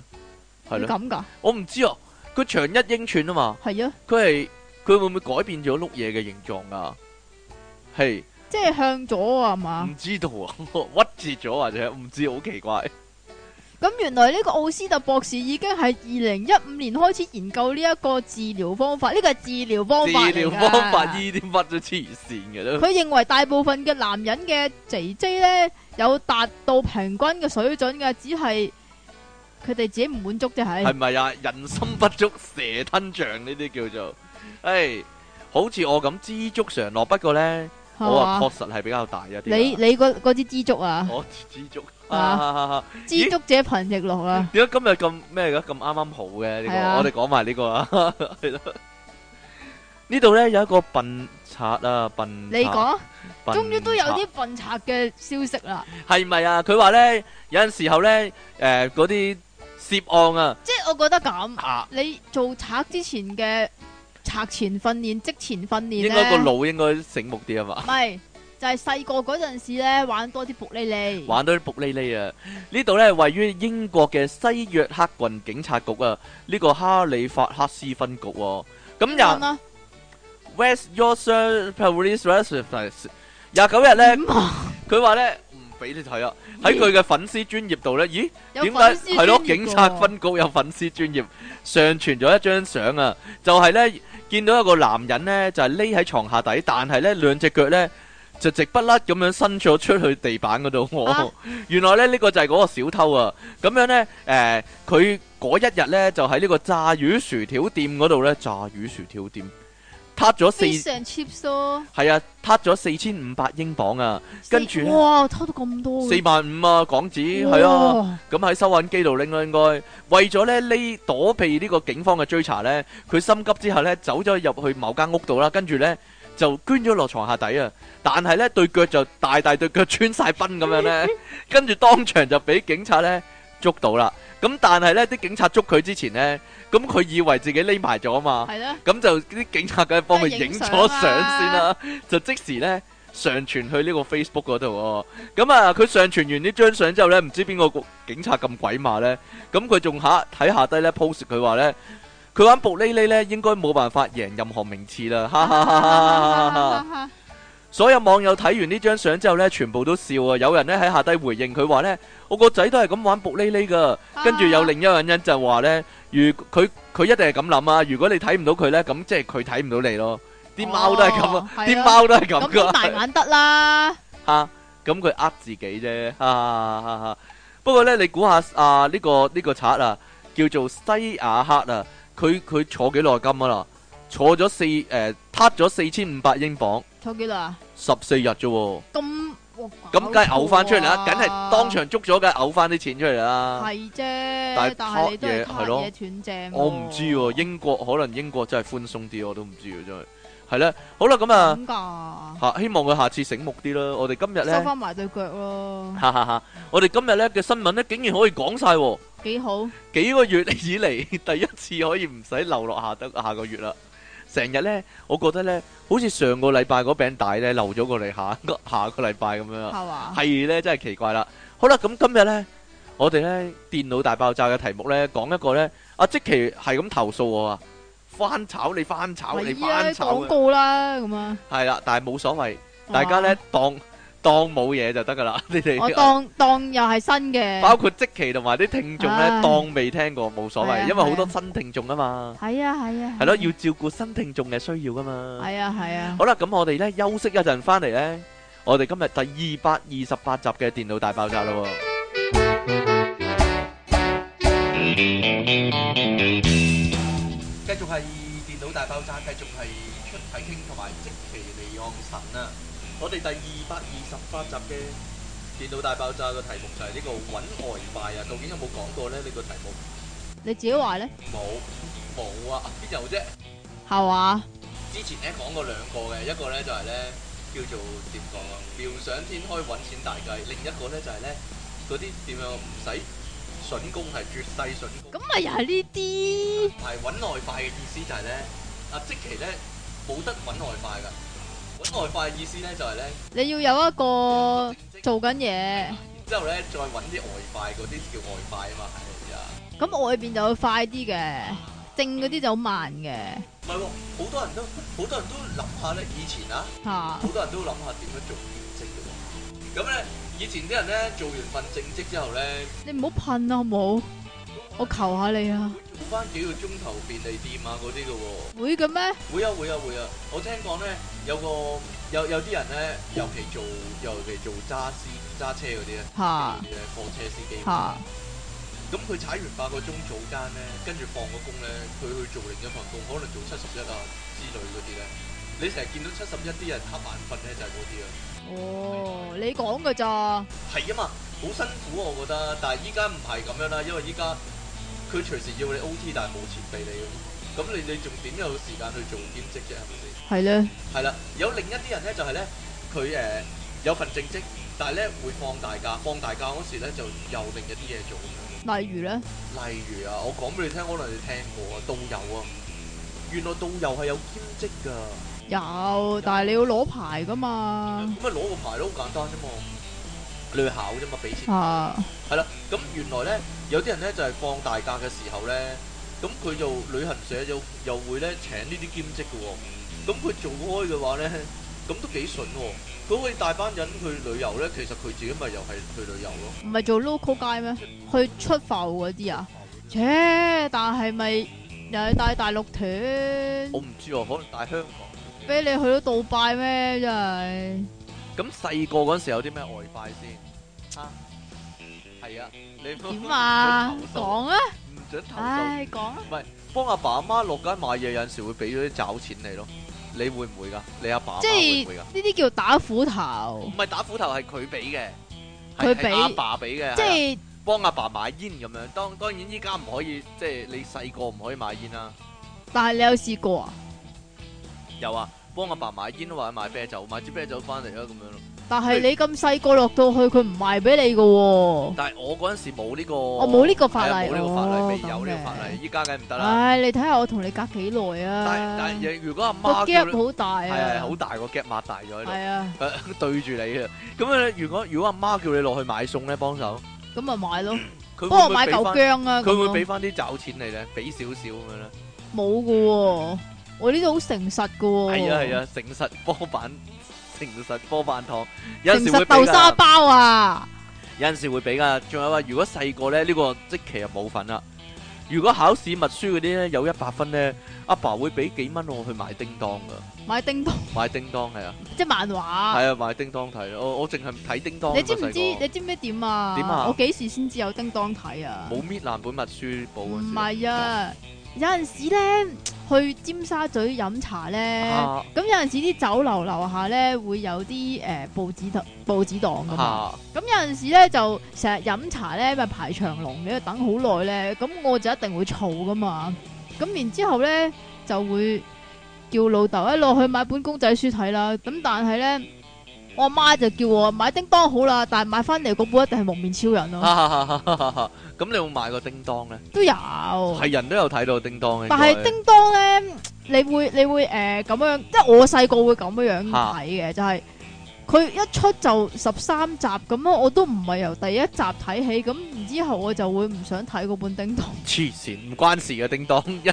係咁噶？我唔知啊，佢長一英寸啊嘛，係啊，佢係佢會唔會改變咗碌嘢嘅形狀啊？係、hey, 即係向左啊嘛？唔吧知道啊， 屈折咗或者唔知，好奇怪。 咁原來呢個奧斯特博士已經係二零一五年開始研究呢一個治療方法，呢個係治療方法。治療方法，醫啲乜嘢黐線嘅都。佢認為大部分嘅男人嘅 JJ 咧有達到平均嘅水準嘅，只係佢哋自己唔滿足啫，係。係咪啊？人心不足蛇吞象呢啲叫做，誒，好似我咁知足常樂。不過咧，我話確實係比較大一啲。你你嗰嗰支知足啊？我知足。知足、啊啊、者貧亦樂啦。如果今日咁咩噶？咁啱啱好嘅呢、這個，我哋講埋呢個啊。係咯，呵呵啊、呢度咧有一個笨賊啊！笨，你講說，終於賊都有啲笨賊嘅消息啦。係咪 啊？佢話咧，有陣時候咧，誒、呃，嗰啲涉案啊，即係我覺得咁，啊、你做賊之前嘅賊前訓練、職前訓練，應該個腦應該醒目啲啊嘛。唔係。就係細個嗰陣時咧，玩多啲卜哩哩，玩多啲卜哩哩啊！呢度咧位於英國嘅西約克郡警察局啊，呢個哈利法克斯分局。咁又 West Yorkshire Police Service 廿九日咧，佢話咧唔俾你睇啊。喺佢嘅粉絲專業度咧，咦？點解係咯？警察分局有粉絲專業上傳咗一張相啊，就係咧見到一個男人咧就係匿喺床下底，但係咧兩隻腳咧。就直不甩咁樣伸咗出，出去地板嗰度，我、哦啊、原來咧呢、呢個就係嗰個小偷啊！咁樣呢，誒、呃，佢嗰一日呢，就喺呢個炸魚薯條店嗰度呢。炸魚薯條店，撻咗四，係啊，撻咗四千五百英鎊啊，跟住，哇，偷到咁多，四萬五啊，港紙係哇啊，咁喺收銀機度拎啦，應該為咗咧呢躲避呢個警方嘅追查呢，佢心急之下呢，走咗入去某間屋度啦，跟住呢。就捐咗落床下底啊！但係咧對腳就大大對腳穿晒崩咁樣咧， 跟住當場就俾警察咧捉到啦。咁但係咧啲警察捉佢之前咧，咁佢以為自己匿埋咗啊嘛。係咯的。咁就啲警察梗係幫佢影咗相先啦，就即時咧上傳去呢個 Facebook 嗰度，哦。咁、嗯、啊，佢上傳完呢張相之後咧，唔知邊個警察咁鬼馬咧，咁佢仲下睇下低咧 post 佢話咧。佢玩卜哩哩咧，應該冇辦法贏任何名次啦，哈哈哈！所有網友睇完呢張相之後咧，全部都笑啊！有人咧喺下低回應佢話咧，我個仔都係咁玩卜哩哩噶，跟住有另一個人就話咧，如佢佢一定係咁諗啊！如果你睇唔到佢咧，咁即係佢睇唔到你咯。啲貓都係咁啊，啲貓都係咁噶。大眼得啦，吓，咁佢呃自己啫，吓吓吓。不過咧，你估下啊呢個呢個賊啊，叫做西亞克啊。佢佢坐幾耐金啊啦？坐咗四誒，撻咗四千五百英鎊。坐幾耐啊？十四日啫。咁咁梗係嘔翻出嚟啦，梗係當場捉咗梗，嘔翻啲錢出嚟啦。係啫。但係但係你都係咯，我唔知英國可能英國真係寬鬆啲，我都唔知嘅真係。係啦，好啦，咁啊。點噶？吓，希望佢下次醒目啲啦。我哋今日咧，收翻埋對腳咯。哈哈哈！我哋今日咧嘅新聞咧，竟然可以講晒。幾好？幾個月以嚟，第一次可以唔使留落下得下個月啦。成日咧，我覺得咧，好似上個禮拜嗰，餅帶咧留咗過嚟下個下個禮拜咁樣。係嘛？係咧，真係奇怪啦。好啦，咁今日咧，我哋咧，電腦大爆炸嘅題目咧，講一個咧，阿積淇係咁投訴我啊，翻炒、你翻炒、你翻炒。廣告啦，咁啊。係啦，但係冇所謂，大家咧當。當冇嘢就得噶啦，你哋我當當又係新嘅，包括積淇同埋啲聽眾咧，當未聽過冇所謂，因為好多新聽眾啊嘛。係啊係啊。係咯，要照顧新聽眾嘅需要噶嘛。係啊係啊。好啦，咁我哋咧休息一陣，翻嚟咧，我哋今日第二百二十八集嘅電腦大爆炸咯。繼續係電腦大爆炸，繼續係出體 king 同埋積淇離岸神啊！我哋第二百二十八集嘅《電腦大爆炸》嘅題目就係呢個揾外快啊！究竟有冇講過咧？呢個題目你自己話咧？冇冇啊？邊有啫？係話？之前咧講過兩個嘅，一個咧就係咧叫做點講，妙想天開揾錢大計；另一個咧就係咧嗰啲點樣唔使筍工係絕世筍工。咁咪又係呢啲？係揾外快嘅意思就係咧啊！即期咧冇得揾外快噶。揾外快嘅意思咧就係咧，你要有一個做緊嘢，然之後咧再揾啲外快，嗰啲叫外快啊嘛，係啊。咁外邊就會快啲嘅，正嗰啲就好慢嘅。唔係，好多人都好多人都諗下咧，以前啊，好多人都諗下點樣做兼職嘅。咁咧，以前啲人咧做完份正職之後咧，你唔好噴啊，好冇？我求下你啊！做翻幾個鐘頭便利店啊嗰啲嘅喎，會嘅咩，啊？會啊會啊會啊！我聽講咧，有個有有啲人咧，尤其做尤其做揸司揸車嗰啲咧，吓，貨哈車司機吓，咁佢踩完八個鐘早間咧，跟住放個工咧，佢去做另一份工，可能做七十一啊之類嗰啲咧，你成日見到七十一啲人瞌眼瞓咧，就係嗰啲啊。哦，你講㗎咋？係啊嘛，好辛苦我覺得，但係依家唔係咁樣啦，因為依家。佢隨時要你 OT，但係冇錢俾你咁，咁你你仲點有時間去做兼職啫？係咪先？係咧，係啦，有另一啲人咧就係咧，佢誒有份正職，但係咧會放大假，放大假嗰時咧就又另一啲嘢做，例如咧，例如啊，我講俾你聽，可能你聽過啊，導遊啊，原來導遊係有兼職㗎，有，但係你要攞牌㗎嘛，咁咪攞個牌都好簡單啫嘛，你去考啫嘛，俾錢。係啦，咁原來咧有啲人咧就係放大假嘅時候咧，咁佢做旅行社又又會咧請呢啲兼職嘅喎，咁佢做開嘅話咧，咁都幾筍喎。佢可以帶大班人去旅遊咧，其實佢自己咪又係去旅遊咯。唔係做 local guide 咩？去出埠嗰啲啊？切！但係咪又係帶大陸團？我唔知喎，可能帶香港。俾你去到杜拜咩？真係。咁細個嗰陣時有啲咩外快先？點啊？講啊！唔想投訴。唉、啊，講、啊。唔係幫阿爸阿媽落街買嘢，有陣時會俾咗啲找錢你咯。你會唔會噶？你阿爸即係、就是、會唔會噶？呢啲叫打斧頭。唔係打斧頭，係佢俾嘅。佢俾阿爸俾嘅。即係幫阿爸買煙咁樣。當當然依家唔可以，即係你細個唔可以買煙啦、啊。但係你有試過啊？有啊，幫阿爸，爸買煙或者買啤酒，買支啤酒翻嚟啊，咁樣咯。但係你咁細個落到去，佢唔賣俾你噶喎。但係我嗰陣時冇呢個，我冇呢個法例，冇呢個法例未有呢個法例，依家梗係唔得啦。唉，你睇下我同你隔幾耐啊！但但係如果阿媽個 gap 好大啊，係係好大個夾擘大咗，係啊，對住你啊。咁啊，如果如果阿媽叫你落去買餸咧，幫手，咁咪買咯。佢幫我買嚿姜啊，佢會俾翻啲找錢你咧，俾少少咁樣咧。冇噶，我呢度好誠實噶。係啊係啊，誠實波板。零食波飯堂，有陣時豆沙包啊，有陣時會俾噶。仲有話，如果細個咧呢、呢個即期又冇份啦。如果考試密書嗰啲咧有一百分咧，阿爸，爸會俾幾蚊我去買叮當噶，買叮當， 買叮當，係啊，即係漫畫係 啊，買叮當睇。我我淨係睇叮當。你知唔知你知唔知點啊？點啊？我幾時先至有叮當睇啊？冇搣爛本密書簿啊？唔係啊。 有陣時咧去尖沙咀飲茶咧，咁、啊、有陣時啲酒樓樓下咧會有啲誒、呃、報紙報紙檔噶嘛，咁、啊、有陣時咧就成日飲茶咧咪排長龍嘅，等好耐咧，咁我就一定會嘈噶嘛，咁然之後咧就會叫老豆一路去買本公仔書睇啦，咁但係咧。我阿媽就叫我買叮當好啦，但係買翻嚟嗰本一定係蒙面超人咯。咁你有冇買過叮當咧？都有，係人都有睇到叮當嘅。但係叮當咧，你會你會誒咁樣，即係我細個會咁樣樣睇嘅，就係。佢一出就十三集咁咯，我都唔係由第一集睇起，咁然之後我就會唔想睇嗰本叮當。黐線，唔關事嘅叮當一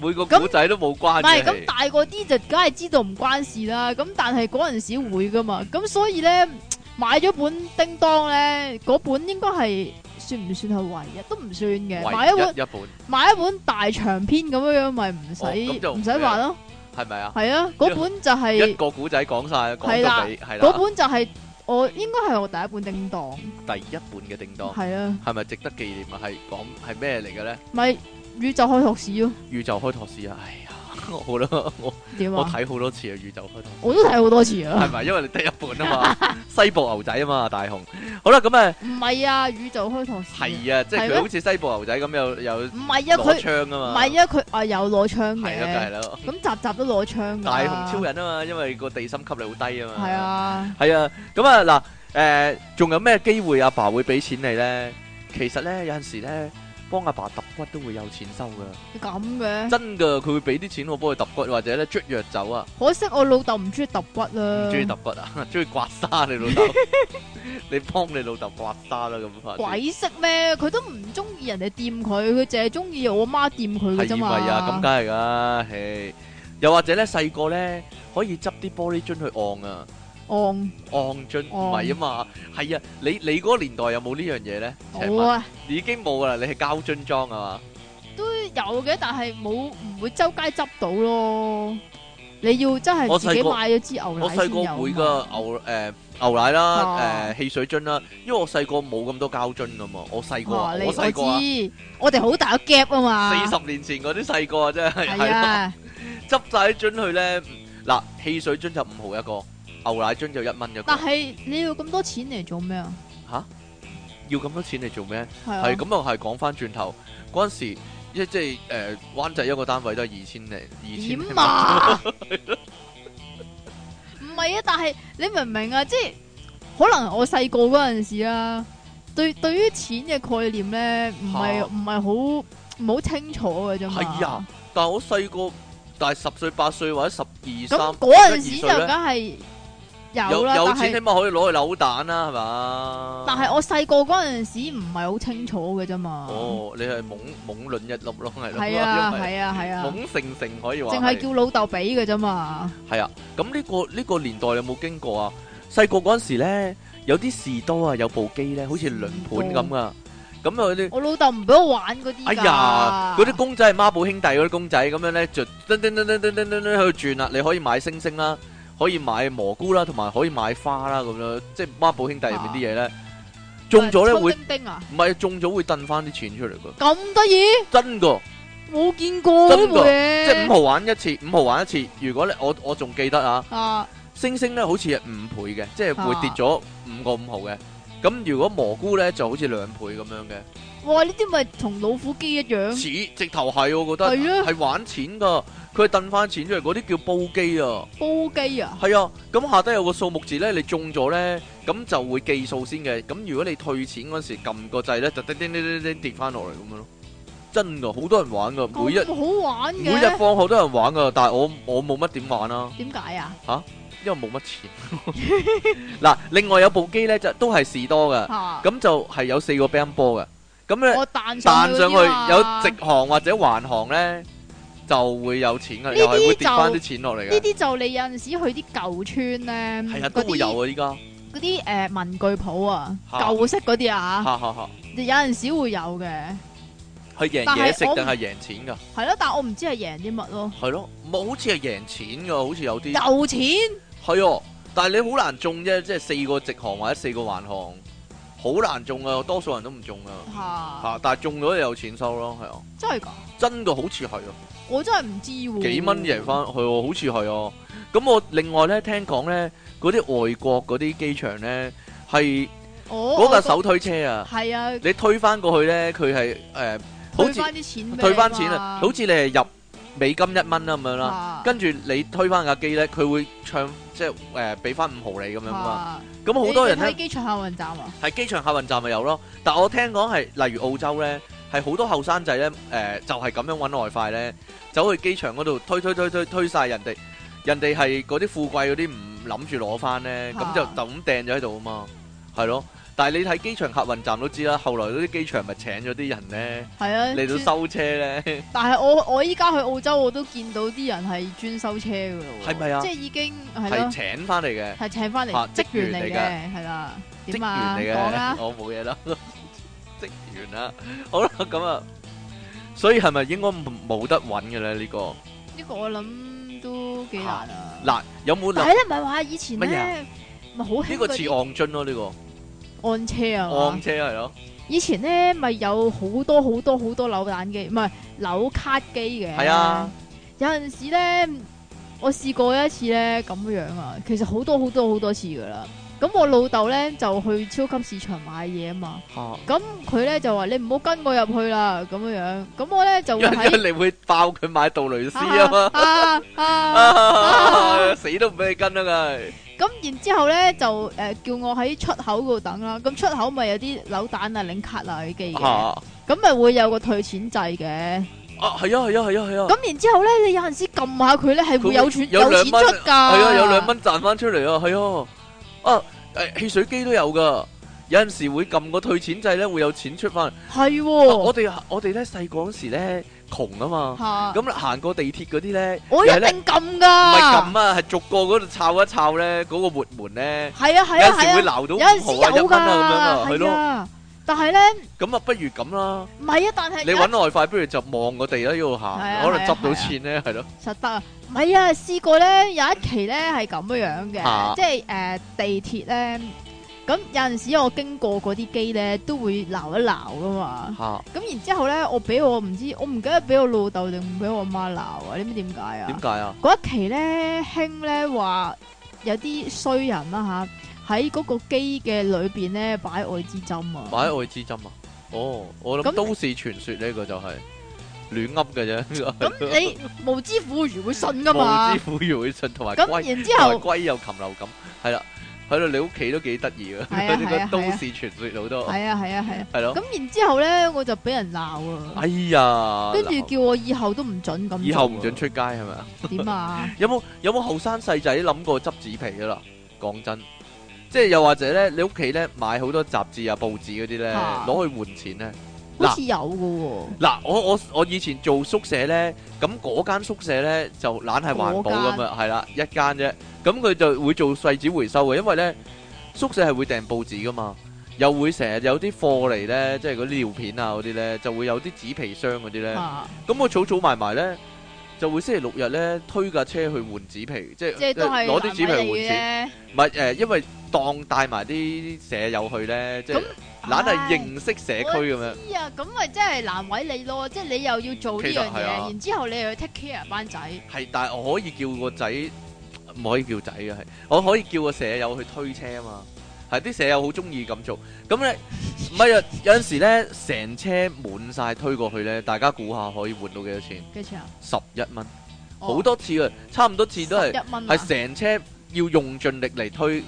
每個故仔都冇關係。唔係咁大個啲就梗係知道唔關事啦。咁但係嗰陣時會㗎嘛。咁所以咧買咗本叮當咧，嗰本應該係算唔算係唯一？都唔算嘅。買一本，買一本大長篇咁樣樣，咪唔使唔使話咯。係咪啊？係啊，嗰本就係、是、一個古仔講晒，講得俾係啦。嗰、啊啊、本就係、是、我應該係我第一本叮《叮噹》。第一本嘅《叮噹》係啊，係咪值得紀念啊？係講係咩嚟嘅咧？唔係宇宙開拓史咯。宇宙開拓史啊！宇宙開好咯，我我睇好多次啊，宇宙開拓我都睇好多次啊，係咪因為你得一本啊嘛？西部牛仔啊嘛，大雄。好啦，咁啊，唔係啊，宇宙開拓係啊，即係佢好似西部牛仔咁，又又攞槍啊嘛，唔係啊，佢啊有攞槍係啊，係啦，咁集集都攞槍。大雄超人啊嘛，因為個地心吸力好低啊嘛。係啊，係啊，咁啊嗱，誒，仲有咩機會阿爸會俾錢你咧？其實咧，有陣時咧。幫阿爸揼骨都會有錢收噶咁嘅真噶佢會俾啲錢我幫佢揼骨，或者咧出藥走啊。可惜我老豆唔中意揼骨啊，唔中意揼骨啊，中意刮痧你老豆。你幫你老豆刮痧啦，咁鬼識咩？佢都唔中意人哋掂佢，佢淨係中意我媽掂佢咋嘛？係啊，咁梗係噶，嘿。又或者咧，細個咧可以執啲玻璃樽去按啊。盎盎樽唔係啊嘛，係啊，你你嗰個年代有冇呢樣嘢咧？冇啊，已經冇啦，你係膠樽裝啊嘛，都有嘅，但係冇，唔會周街執到咯。你要真係我自己買咗支牛奶先有。我細個每個牛誒，牛奶啦，誒汽水樽啦，因為我細個冇咁多膠樽噶嘛。我細個我細個啊，我哋好大個 gap 啊嘛。四十年前嗰啲細個啊，真係係啊，執晒啲樽去咧，嗱，汽水樽就五毫一個。牛奶樽就一蚊嘅，但係你要咁多錢嚟做咩啊？吓，要咁多錢嚟做咩？係咁是、啊、又係講翻轉頭，嗰陣時一即係誒灣仔一個單位都係二千零二千媽。千啊？唔係啊，但係你明唔明啊？即係可能我細個嗰陣時啦，對對於錢嘅概念咧，唔係唔係好唔好清楚嘅啫。係啊、哎，但係我細個但係十歲八歲或者十二三嗰陣時就梗係。有啦，但係有錢起碼可以攞去扭蛋啦，係嘛？但係我細個嗰陣時唔係好清楚嘅啫嘛。哦，你係懵懵輪一粒咯，係咯。係啊，係啊，係啊。懵盛盛可以話。淨係叫老豆俾嘅啫嘛。係啊，咁呢個呢個年代有冇經過啊？細個嗰陣時咧，有啲士多啊，有部機咧，好似輪盤咁噶。咁啊啲我老豆唔俾我玩嗰啲。哎呀，嗰啲公仔係孖寶兄弟嗰啲公仔，咁樣咧就噔噔噔噔噔噔噔去轉啦，你可以買星星啦。可以買蘑菇啦，同埋可以買花啦，咁樣即係孖寶兄弟入邊啲嘢咧，中咗咧會唔係中咗會掟翻啲錢出嚟嘅？咁得意？真㗎的？冇見過嘅。真的，即係五毫玩一次，五毫玩一次。如果咧，我我仲記得啊。啊！星星咧，好似係五倍嘅，即係會跌咗五個五毫嘅。咁、啊、如果蘑菇咧，就好似兩倍咁樣嘅。我話呢啲咪同老虎機一樣，似直頭係我覺得係咯，係玩錢噶，佢係掟翻錢出嚟，嗰啲叫煲機啊，煲機啊，係啊，咁下底有個數目字咧，你中咗咧，咁就會記數，先嘅，咁如果你退錢嗰時撳個掣咧，就叮叮叮叮叮跌翻落嚟咁樣咯，真噶，好多人玩噶，每一好玩，每日放學都人玩噶，但係我我冇乜點玩啦。點解啊？吓，因為冇乜錢。嗱，另外有部機咧就都係士多噶，咁就係有四個乒乓波噶。咁咧，彈上去有直行或者橫行咧，就會有錢嘅，又係會跌翻啲錢落嚟嘅。呢啲就你有陣時去啲舊村咧，係啊，都會有啊依家。嗰啲誒文具鋪啊，舊式嗰啲啊嚇，有陣時會有嘅。係贏嘢食定係贏錢㗎？係咯，但係我唔知係贏啲乜咯。係咯，冇好似係贏錢㗎，好似有啲有錢。係，但係你好難中啫，即係四個直行或者四個橫行。好難中啊，多數人都唔中啊，吓、 啊，但係中咗又有錢收咯，係啊，真係的噶？ 真噶，好似係啊。我真係唔知喎、啊，幾蚊贏翻，係哦，好似係哦。咁我另外咧，聽講咧，嗰啲外國嗰啲機場咧係，哦，嗰架手推車啊，係、那個、啊，你推翻過去咧，佢係誒，呃、好推翻啲錢，錢，退翻錢啊，好似你係入。美金一蚊啊咁樣啦，跟住你推翻架機咧，佢會唱即係誒俾翻五毫你咁樣嘛，咁好、啊、多人喺機場客運站啊，喺機場客運站咪有咯。但我聽講係例如澳洲咧，係好多後生仔咧誒，就係、是、咁樣搵外快咧，走去機場嗰度推推推推推曬人哋，人哋係嗰啲富貴嗰啲唔諗住攞翻咧，咁、啊、就就咁掟咗喺度啊嘛，係咯。但係你睇機場客運站都知啦，後來嗰啲機場咪請咗啲人咧，係啊嚟到收車咧。但係我我依家去澳洲我都見到啲人係專收車嘅喎，係咪啊？即係已經係咯。係請翻嚟嘅，係請翻嚟，職員嚟嘅，係啦，職員嚟嘅，我冇嘢啦，職員啦。好啦，咁啊，所以係咪應該冇得揾嘅咧？呢個呢個我諗都幾難啊。嗱，有冇諗？係咧，唔係話以前咧，咪好呢個似昂津咯，呢個。按車啊！按車係咯，以前咧咪有好多好多好多扭蛋機，唔係扭卡機嘅。係啊，有陣時咧，我試過一次咧咁樣啊，其實好多好多好多次噶啦。咁我老豆咧就去超級市場買嘢啊嘛。嚇！咁佢咧就話：你唔好跟我入去啦咁樣。咁我咧就因為你會爆佢買杜蕾斯啊嘛！死都唔俾你跟啊佢！咁然之後咧就誒、呃、叫我喺出口度等啦，咁出口咪有啲扭蛋啊、領卡啊啲機嘅，咁咪、啊、會有個退錢制嘅。啊，係啊，係啊，係啊，係啊！咁然之後咧，你有陣時撳下佢咧，係會有錢有錢出㗎。係啊，有兩蚊賺翻出嚟啊，係啊。啊誒，汽水機都有噶，有陣時會撳個退錢制咧，會有錢出翻。係、啊啊，我哋我哋咧細個嗰時咧。窮啊嘛，咁行過地鐵嗰啲咧，我一定撳噶，唔係撳啊，係逐個嗰度抄一抄咧，嗰個活門咧，係啊係啊，有時會鬧到有陣時一蚊啊咁樣，係咯，但係咧，咁啊不如咁啦，唔係啊，但係你揾外快不如就望個地喺呢度行，可能執到錢咧，係咯，實得，唔係啊，試過咧有一期咧係咁樣樣嘅，即係誒地鐵咧。咁有陣時我經過嗰啲機咧，都會鬧一鬧噶嘛。咁然之後咧，我俾我唔知，我唔記得俾我老豆定唔俾我媽鬧，你知唔知點解啊？點解啊？嗰一期咧，興咧話有啲衰人啦吓，喺嗰個機嘅裏邊咧擺艾之針啊！擺艾之針啊？哦，我諗都市傳說呢個就係亂噏嘅啫。咁你無知婦如會信噶嘛？無知婦如會信？同埋龜，咁然之後龜又禽流感，係啦。喺到你屋企都幾得意啊！佢哋個都市、啊、傳説好多。係啊係啊係啊。係咯、啊。咁、啊啊、了然之後咧，我就俾人鬧啊。哎呀！跟住叫我以後都唔準咁。以後唔準出街係咪啊？點啊？ 有冇有冇後生細仔諗過執紙皮嘅啦？講真，即係又或者咧，你屋企咧買好多雜誌啊、報紙嗰啲咧，攞、啊、去換錢咧。嗱，好似有嘅喎。嗱，我我我以前做宿舍咧，咁嗰間宿舍咧就懶係環保噶嘛，係啦，一間啫。咁佢就會做廢紙回收嘅，因為咧，宿舍係會掟報紙噶嘛，又會成日有啲貨嚟咧，即係嗰啲尿片啊嗰啲咧，就會有啲紙皮箱嗰啲咧。咁我儲儲埋埋咧，就會星期六日咧推架車去換紙皮，即係即係攞啲紙皮換紙。唔係誒，因為當帶埋啲舍友去咧，即係。嗱，係認識社區咁樣。知呀，咁咪真係難為你咯，即係你又要做呢樣嘢，然之後你又去 take care 班仔。係，但係我可以叫個仔，唔可以叫仔嘅係，我可以叫個社友去推車啊嘛。係啲社友好中意咁做，咁咧唔係啊。有陣時咧，成車滿曬推過去咧，大家估下可以換到幾多錢？幾錢啊？十一蚊，好多次啊，差唔多次都係一蚊，係成車要用盡力嚟推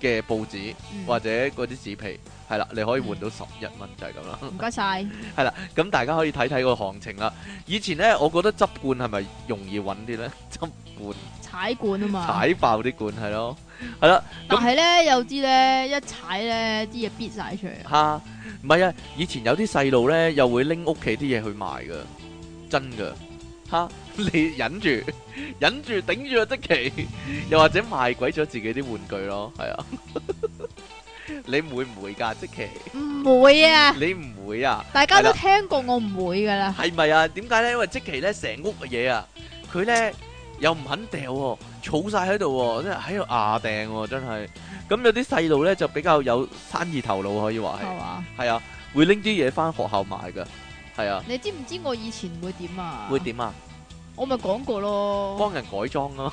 嘅報紙或者嗰啲紙皮。係啦，你可以換到十一蚊，就係咁啦。唔該晒，係啦， 咁大家可以睇睇個行情啦。以前呢，我覺得執罐係咪容易搵啲呢？執罐。踩罐啊嘛。踩爆啲罐係咯，係啦。但係呢，嗯、有啲呢，一踩呢啲嘢必晒出嚟。吓、啊？唔係啊，以前有啲細路呢又會拎屋企啲嘢去賣㗎，真㗎吓、啊？你忍住，忍住，頂住個積淇，又或者賣鬼咗自己啲玩具咯，係啊。 你唔會唔會噶，積淇唔會啊！ 你唔會啊！大家都聽過我唔會噶啦。係咪 啊？點解咧？因為積淇咧成屋嘅嘢啊，佢咧又唔肯掉，儲晒喺度，真係喺度牙掟，真係。咁有啲細路咧就比較有生意頭腦，可以話係。係嘛吧？ 係啊，會拎啲嘢翻學校賣噶。係 啊。你知唔知我以前會點啊？ 會點啊？我咪講過咯，幫人改裝咯，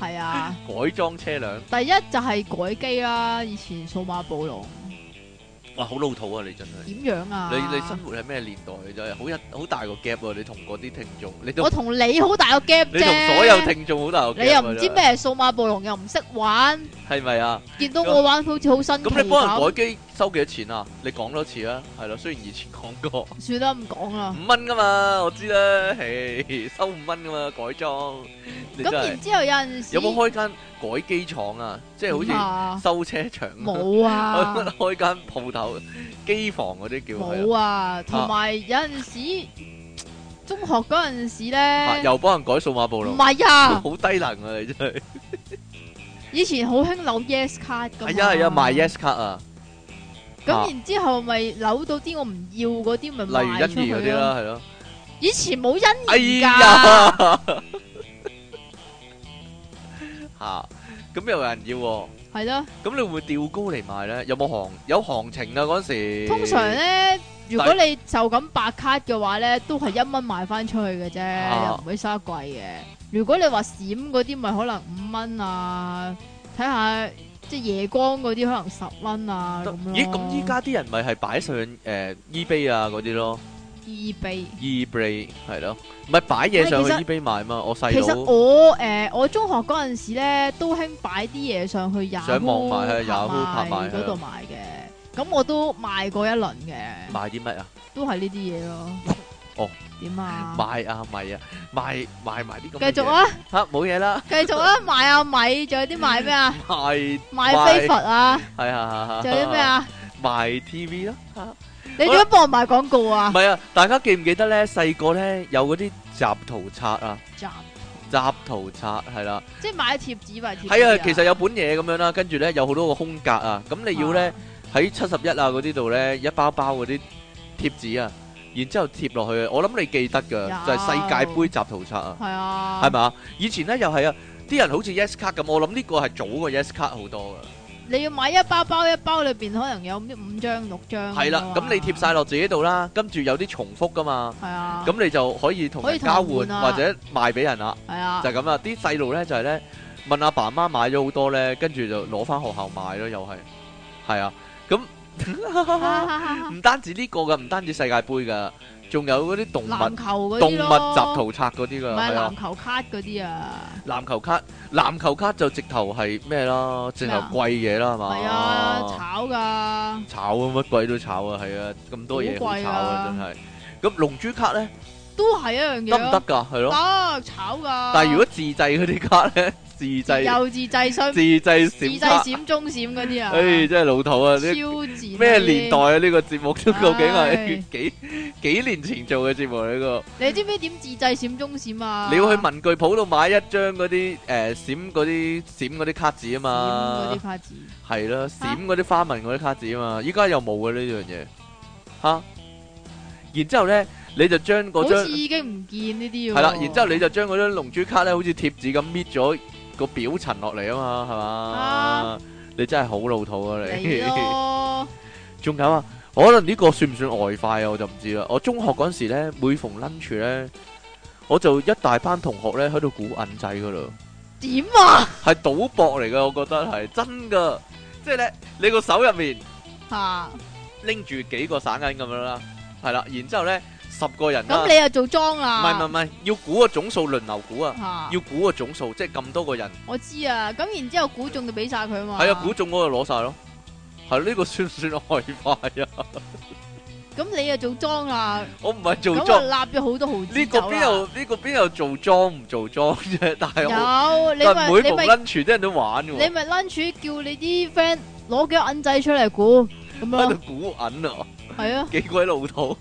係啊，改裝車輛。第一就係改機啦，以前數碼暴龍，啊，哇，好老土啊，你真係。點樣啊？你你生活係咩年代？嘅？係好一好大個 gap，啊，你同嗰啲聽眾，我同你好大個 gap 啫。你同所有聽眾好大個 gap，啊，你又唔知咩數碼暴龍，又唔識玩，係咪啊？見到我玩好似好新奇咁， 你幫人改機。收幾多錢啊？你講多次啊，係咯。雖然以前講過，算啦，唔講啦。五蚊噶嘛，我知啦。誒，收五蚊噶嘛，改裝。咁然之後有陣時有冇開間改機廠啊？即係好似修車場。冇啊！開間鋪頭機房嗰啲叫。冇啊！同埋有陣時中學嗰陣時咧，又幫人改數碼布咯。唔係啊，好低能啊！你真係。以前好興扭 Yes 卡噶。係啊係啊，賣 Yes 卡啊。咁然之後咪扭到啲我唔要嗰啲咪例如恩怨嗰啲啦，係咯，以前冇恩怨噶，吓，咁又有人要，係咯，咁你會唔會調高嚟賣咧？有冇行有行情啊？嗰時通常咧，如果你就咁白卡嘅話咧，都係一蚊賣翻出去嘅啫，又唔會收得貴嘅。如果你話閃嗰啲，咪可能五蚊啊，睇下。即係夜光嗰啲，可能十蚊啊得咦？咁依家啲人咪係擺上誒、呃、eBay 啊嗰啲咯。eBay，eBay 係 eBay，咯，唔係擺嘢上去 eBay 賣嘛。我細佬，其實我誒、呃、我中學嗰陣時咧都興擺啲嘢上去 Yahoo 拍賣嗰度賣嘅。咁、啊、我都賣過一輪嘅。賣啲乜啊？都係呢啲嘢咯。 哦，點啊？賣啊，賣啊，賣賣埋啲咁。繼續啊！吓，冇嘢啦。繼續啊，賣啊，賣，仲有啲賣咩啊？賣賣飛佛啊！係啊，仲有啲咩啊？賣 T V 咯吓！你做乜幫我賣廣告啊？唔係啊，大家記唔記得咧？細個咧有嗰啲雜圖冊啊，雜雜圖冊係啦，即係買貼紙咪係啊，其實有本嘢咁樣啦，跟住咧有好多個空格啊，咁你要咧喺七十一啊嗰啲度咧一包包嗰啲貼紙啊。然之後貼落去我諗你記得㗎，就係世界盃集圖冊啊，係啊，係咪？以前呢又係啊，啲人好似 yes 卡咁，我諗呢個係早過 yes 卡好多㗎。你要買一包包一包，裏邊可能有五張六張。係啦，咁你貼晒落自己度啦，跟住有啲重複㗎嘛。係啊，咁你就可以同佢交換或者賣俾人啊。係啊，就係咁啦。啲細路呢就係呢，問阿爸媽買咗好多呢，跟住就攞翻學校買咯，又係係啊咁。唔 單止呢個噶，唔單止世界盃噶，仲有嗰啲動物、球動物集圖冊嗰啲噶，唔係籃球卡嗰啲啊！籃球卡，籃球卡就直頭係咩咯？直頭貴嘢啦，係嘛麼？係啊，炒噶，炒啊，乜鬼都炒啊！係啊，咁多嘢好炒啊，真係。咁龍珠卡咧，都係一樣嘢，得唔得噶？係咯，啊，炒噶。但係如果自製嗰啲卡呢？ 自製又自製出，自製閃、自製閃中閃嗰啲啊！ 哎，真係老土啊！超閃咩年代啊？呢、這個節目究竟係幾幾年前做嘅節目嚟、啊這個？你知唔知點自製閃中閃啊？你要去文具鋪度買一張嗰啲誒閃嗰啲閃嗰啲卡紙啊嘛！閃嗰啲卡紙係咯，閃嗰啲花紋嗰啲卡紙啊嘛！依家、啊、又冇嘅呢樣嘢吓，然之後咧你就將嗰張好似已經唔見呢啲係啦，然之後你就將嗰張龍珠卡咧，好似貼紙咁搣咗。個表層落嚟啊嘛，係嘛？啊、你真係好老土啊！你仲咁啊？可能呢個算唔算外快啊？我就唔知啦。我中學嗰陣時咧，每逢 lunch 咧，我就一大班同學咧喺度估銀仔噶咯。點啊？係賭博嚟噶，我覺得係真噶。即係咧，你個手入面吓拎住幾個散銀咁樣啦，係啦，然之後咧。十個人咁你又做莊啦？唔係唔係，要估個總數輪流估啊！要估個總數，即係咁多個人。我知啊，咁然之後估中就俾晒佢嘛。係啊，估中我就攞晒咯。係呢個算唔算害怕啊？咁你又做莊啊？我唔係做莊，立咗好多毫。呢個邊度？呢個邊度做莊唔做莊啫？但係有，你咪，每幕 lunch 啲人都玩噶。你咪 lunch 叫你啲 friend 攞幾個銀仔出嚟估，咁樣喺度估銀啊？係啊，幾鬼老土。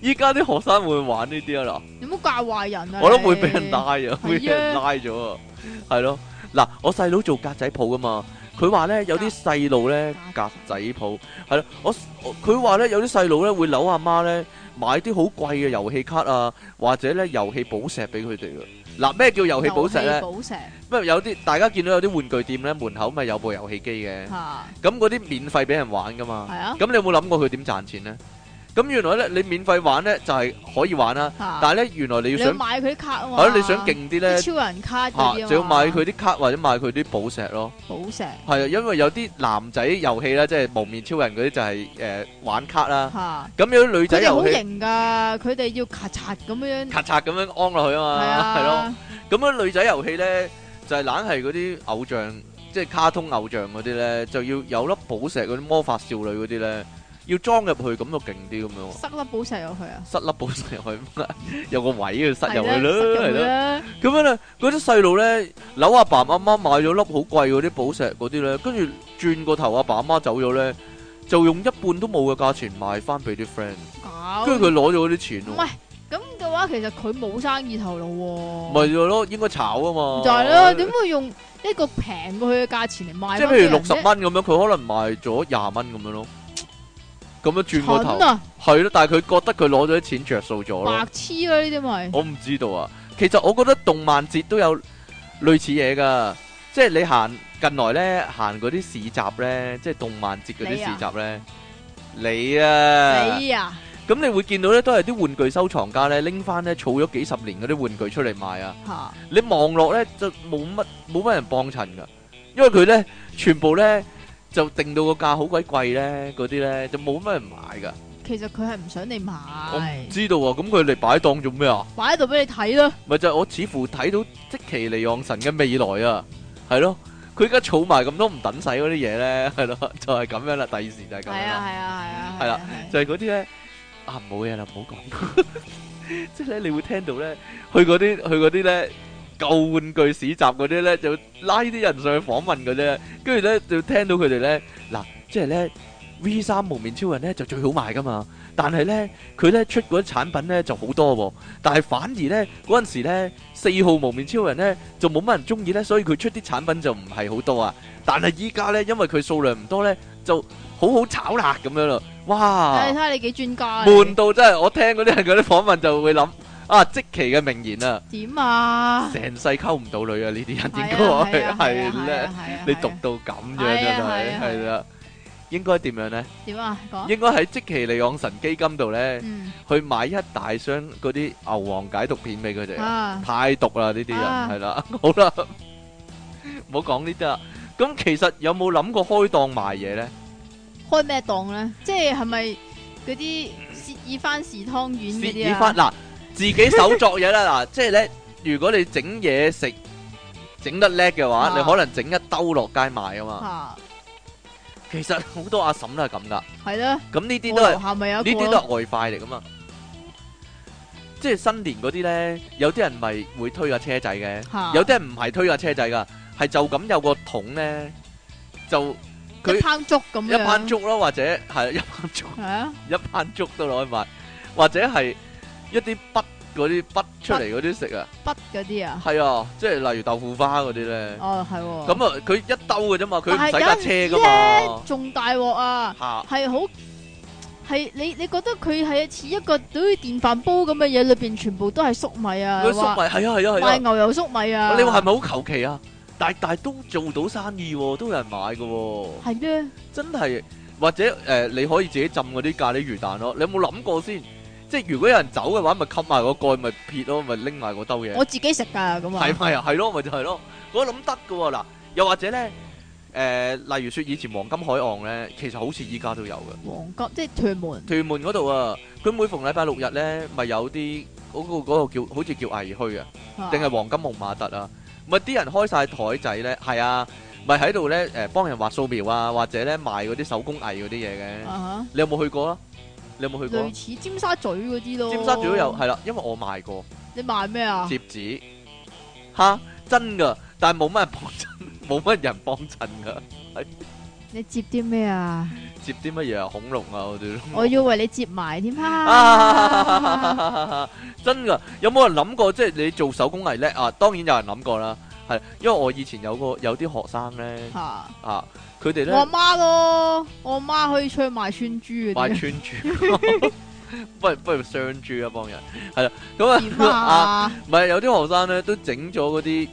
依家啲學生會玩呢啲啊嗱，有冇教壞人啊！我都會俾人拉啊，會俾人拉咗啊，係咯嗱，我細佬做格仔鋪噶嘛，佢話咧有啲細路咧格仔鋪係咯，我佢話咧有啲細路咧會扭阿媽咧買啲好貴嘅遊戲卡啊，或者咧遊戲寶石俾佢哋。嗱，咩叫遊戲寶石咧？寶石。不過有啲大家見到有啲玩具店咧門口咪有部遊戲機嘅，咁嗰啲免費俾人玩㗎嘛。係啊。咁你有冇諗過佢點賺錢咧？咁原來咧，你免費玩咧就係可以玩啦，但係咧原來你要想買佢啲卡啊，係咯你想勁啲咧，超人卡啊，就要買佢啲卡或者買佢啲寶石咯，寶石係啊，因為有啲男仔遊戲咧，即係蒙面超人嗰啲就係誒玩卡啦，咁有啲女仔佢好型㗎，佢哋要咔嚓咁樣咔嚓咁樣安落去啊嘛，係咯，咁樣女仔遊戲咧就係懶係嗰啲偶像，即係卡通偶像嗰啲咧就要有粒寶石嗰啲魔法少女嗰啲咧。要裝入去咁就勁啲咁樣，塞粒寶石入去啊！塞粒寶石入去， 有個位啊，塞入去咯，係咯的。咁、嗯、樣咧，嗰啲細路咧，扭阿爸阿媽，媽買咗粒好貴嗰啲寶石嗰啲咧，跟住轉個頭阿爸阿媽走咗咧，就用一半都冇嘅價錢賣翻俾啲 friend。跟住佢攞咗啲錢喎。唔係，咁嘅話其實佢冇生意頭腦喎、啊。咪就係咯，應該炒啊嘛。就係咯，點會用一個平過去嘅價錢嚟賣？即係譬如六十蚊咁樣，佢可能賣咗廿蚊咁樣咯。咁樣轉個頭，係咯、啊，但係佢覺得佢攞咗啲錢着數咗咯。白痴咯、啊，呢啲咪？我唔知道啊。其實我覺得動漫節都有類似嘢噶，即係你行近來咧行嗰啲市集咧，即係動漫節嗰啲市集咧，你啊，你啊，咁你，、啊嗯、你會見到咧都係啲玩具收藏家咧拎翻，咧儲咗幾十年嗰啲玩具出嚟賣啊。吓、啊，你望落咧就冇乜冇乜人幫襯噶，因為佢咧全部咧。就定到個價好鬼貴咧，嗰啲咧就冇乜人買噶。其實佢係唔想你買。我唔知道啊，咁佢嚟擺檔做咩啊？擺喺度俾你睇咯。咪就係我似乎睇到積淇離岸神嘅未來啊，係咯。佢而家儲埋咁多唔等使嗰啲嘢咧，係咯，就係咁樣啦。第二時就係咁啦。係啊，係啊，係啊。係啦，就係嗰啲咧，啊冇嘢啦，唔好講。即係咧，你會聽到咧，去嗰啲，去嗰啲咧。舊玩具市集嗰啲咧，就拉啲人上去訪問嗰啲，跟住咧就聽到佢哋咧，嗱，即係咧，V 三蒙面超人咧就最好賣噶嘛，但係咧佢咧出嗰啲產品咧就好多，但係反而咧嗰陣時咧四號蒙面超人咧就冇乜人中意咧，所以佢出啲產品就唔係好多啊。但係依家咧，因為佢數量唔多咧，就好好炒啦咁樣咯。哇！睇睇你幾專家，悶到真係，我聽嗰啲人嗰啲訪問就會諗。啊！積淇嘅名言啊！點啊？成世溝唔到女啊！呢啲人點解係咧？你毒到咁樣嘅，係係啦，應該點樣咧？點啊？講應該喺積淇離岸神基金度咧，去買一大箱嗰啲牛黃解毒片俾佢哋。太毒啦！呢啲人係啦，好啦，唔好講呢啲啦。咁其實有冇諗過開檔賣嘢咧？開咩檔咧？即係係咪嗰啲雪耳番薯湯丸呢啲啊？嗱。自己手作嘢啦，嗱，即係咧，如果你整嘢食整得叻嘅話，你可能整一兜落街賣啊嘛。其實好多阿嬸都係咁噶。係啦。咁呢啲都係呢啲都係外快嚟噶嘛。即係新年嗰啲咧，有啲人咪會推個車仔嘅，有啲人唔係推個車仔噶，係就咁有個桶咧，就佢一班竹咁樣，一班竹咯，或者係一班竹，一班竹都攞埋，或者係。一啲筆嗰啲筆出嚟嗰啲食啊！筆嗰啲啊！係啊，即係例如豆腐花嗰啲咧。哦，係喎。咁啊，佢一兜嘅啫嘛，佢唔使架車㗎嘛。仲大鑊啊！係好係你，你覺得佢係似一個對於電飯煲咁嘅嘢，裏邊全部都係粟米啊！啊吧粟米係啊，係啊，係、啊、牛油粟米啊！你話係咪好求其啊？但但、啊、都做到生意、啊，都有人買嘅喎、啊。係咧嗎，真係或者誒、呃，你可以自己浸嗰啲咖喱魚蛋咯。你有冇諗過先？即係如果有人走嘅話，咪冚埋個蓋，咪撇咯，咪拎埋個兜嘢，我自己食㗎咁啊。係咪啊？係咯，咪就係咯。我諗得㗎喎。嗱，又或者咧，誒，例如説以前黃金海岸咧，其實好似依家都有嘅。黃金即係屯門。屯門嗰度啊，佢每逢禮拜六日咧，咪有啲嗰個嗰個叫好似叫藝墟啊，定係黃金蒙馬特啊，咪啲人開曬台仔咧，係啊，咪喺度咧，誒，幫人畫素描啊，或者咧，賣嗰啲手工藝嗰啲嘢嘅。啊哈！你有冇去過啊？你有冇去過？類似尖沙咀嗰啲咯。尖沙咀都有，係啦，因為我賣過。你賣咩啊？折紙。吓？真㗎，但係冇乜人幫襯，冇 乜人幫襯㗎。你折啲咩啊？折啲乜嘢啊？恐龍啊！我哋。我要為你折埋點嚇。哈 真㗎，有冇人諗過？即係你做手工藝叻啊！當然有人諗過啦。係，因為我以前有個有啲學生咧，吓吓佢哋咧，我媽咯，我媽可以出去賣串珠。賣串珠，不如不如雙豬一幫人，係啦，咁啊啊，唔係有啲學生咧都整咗嗰啲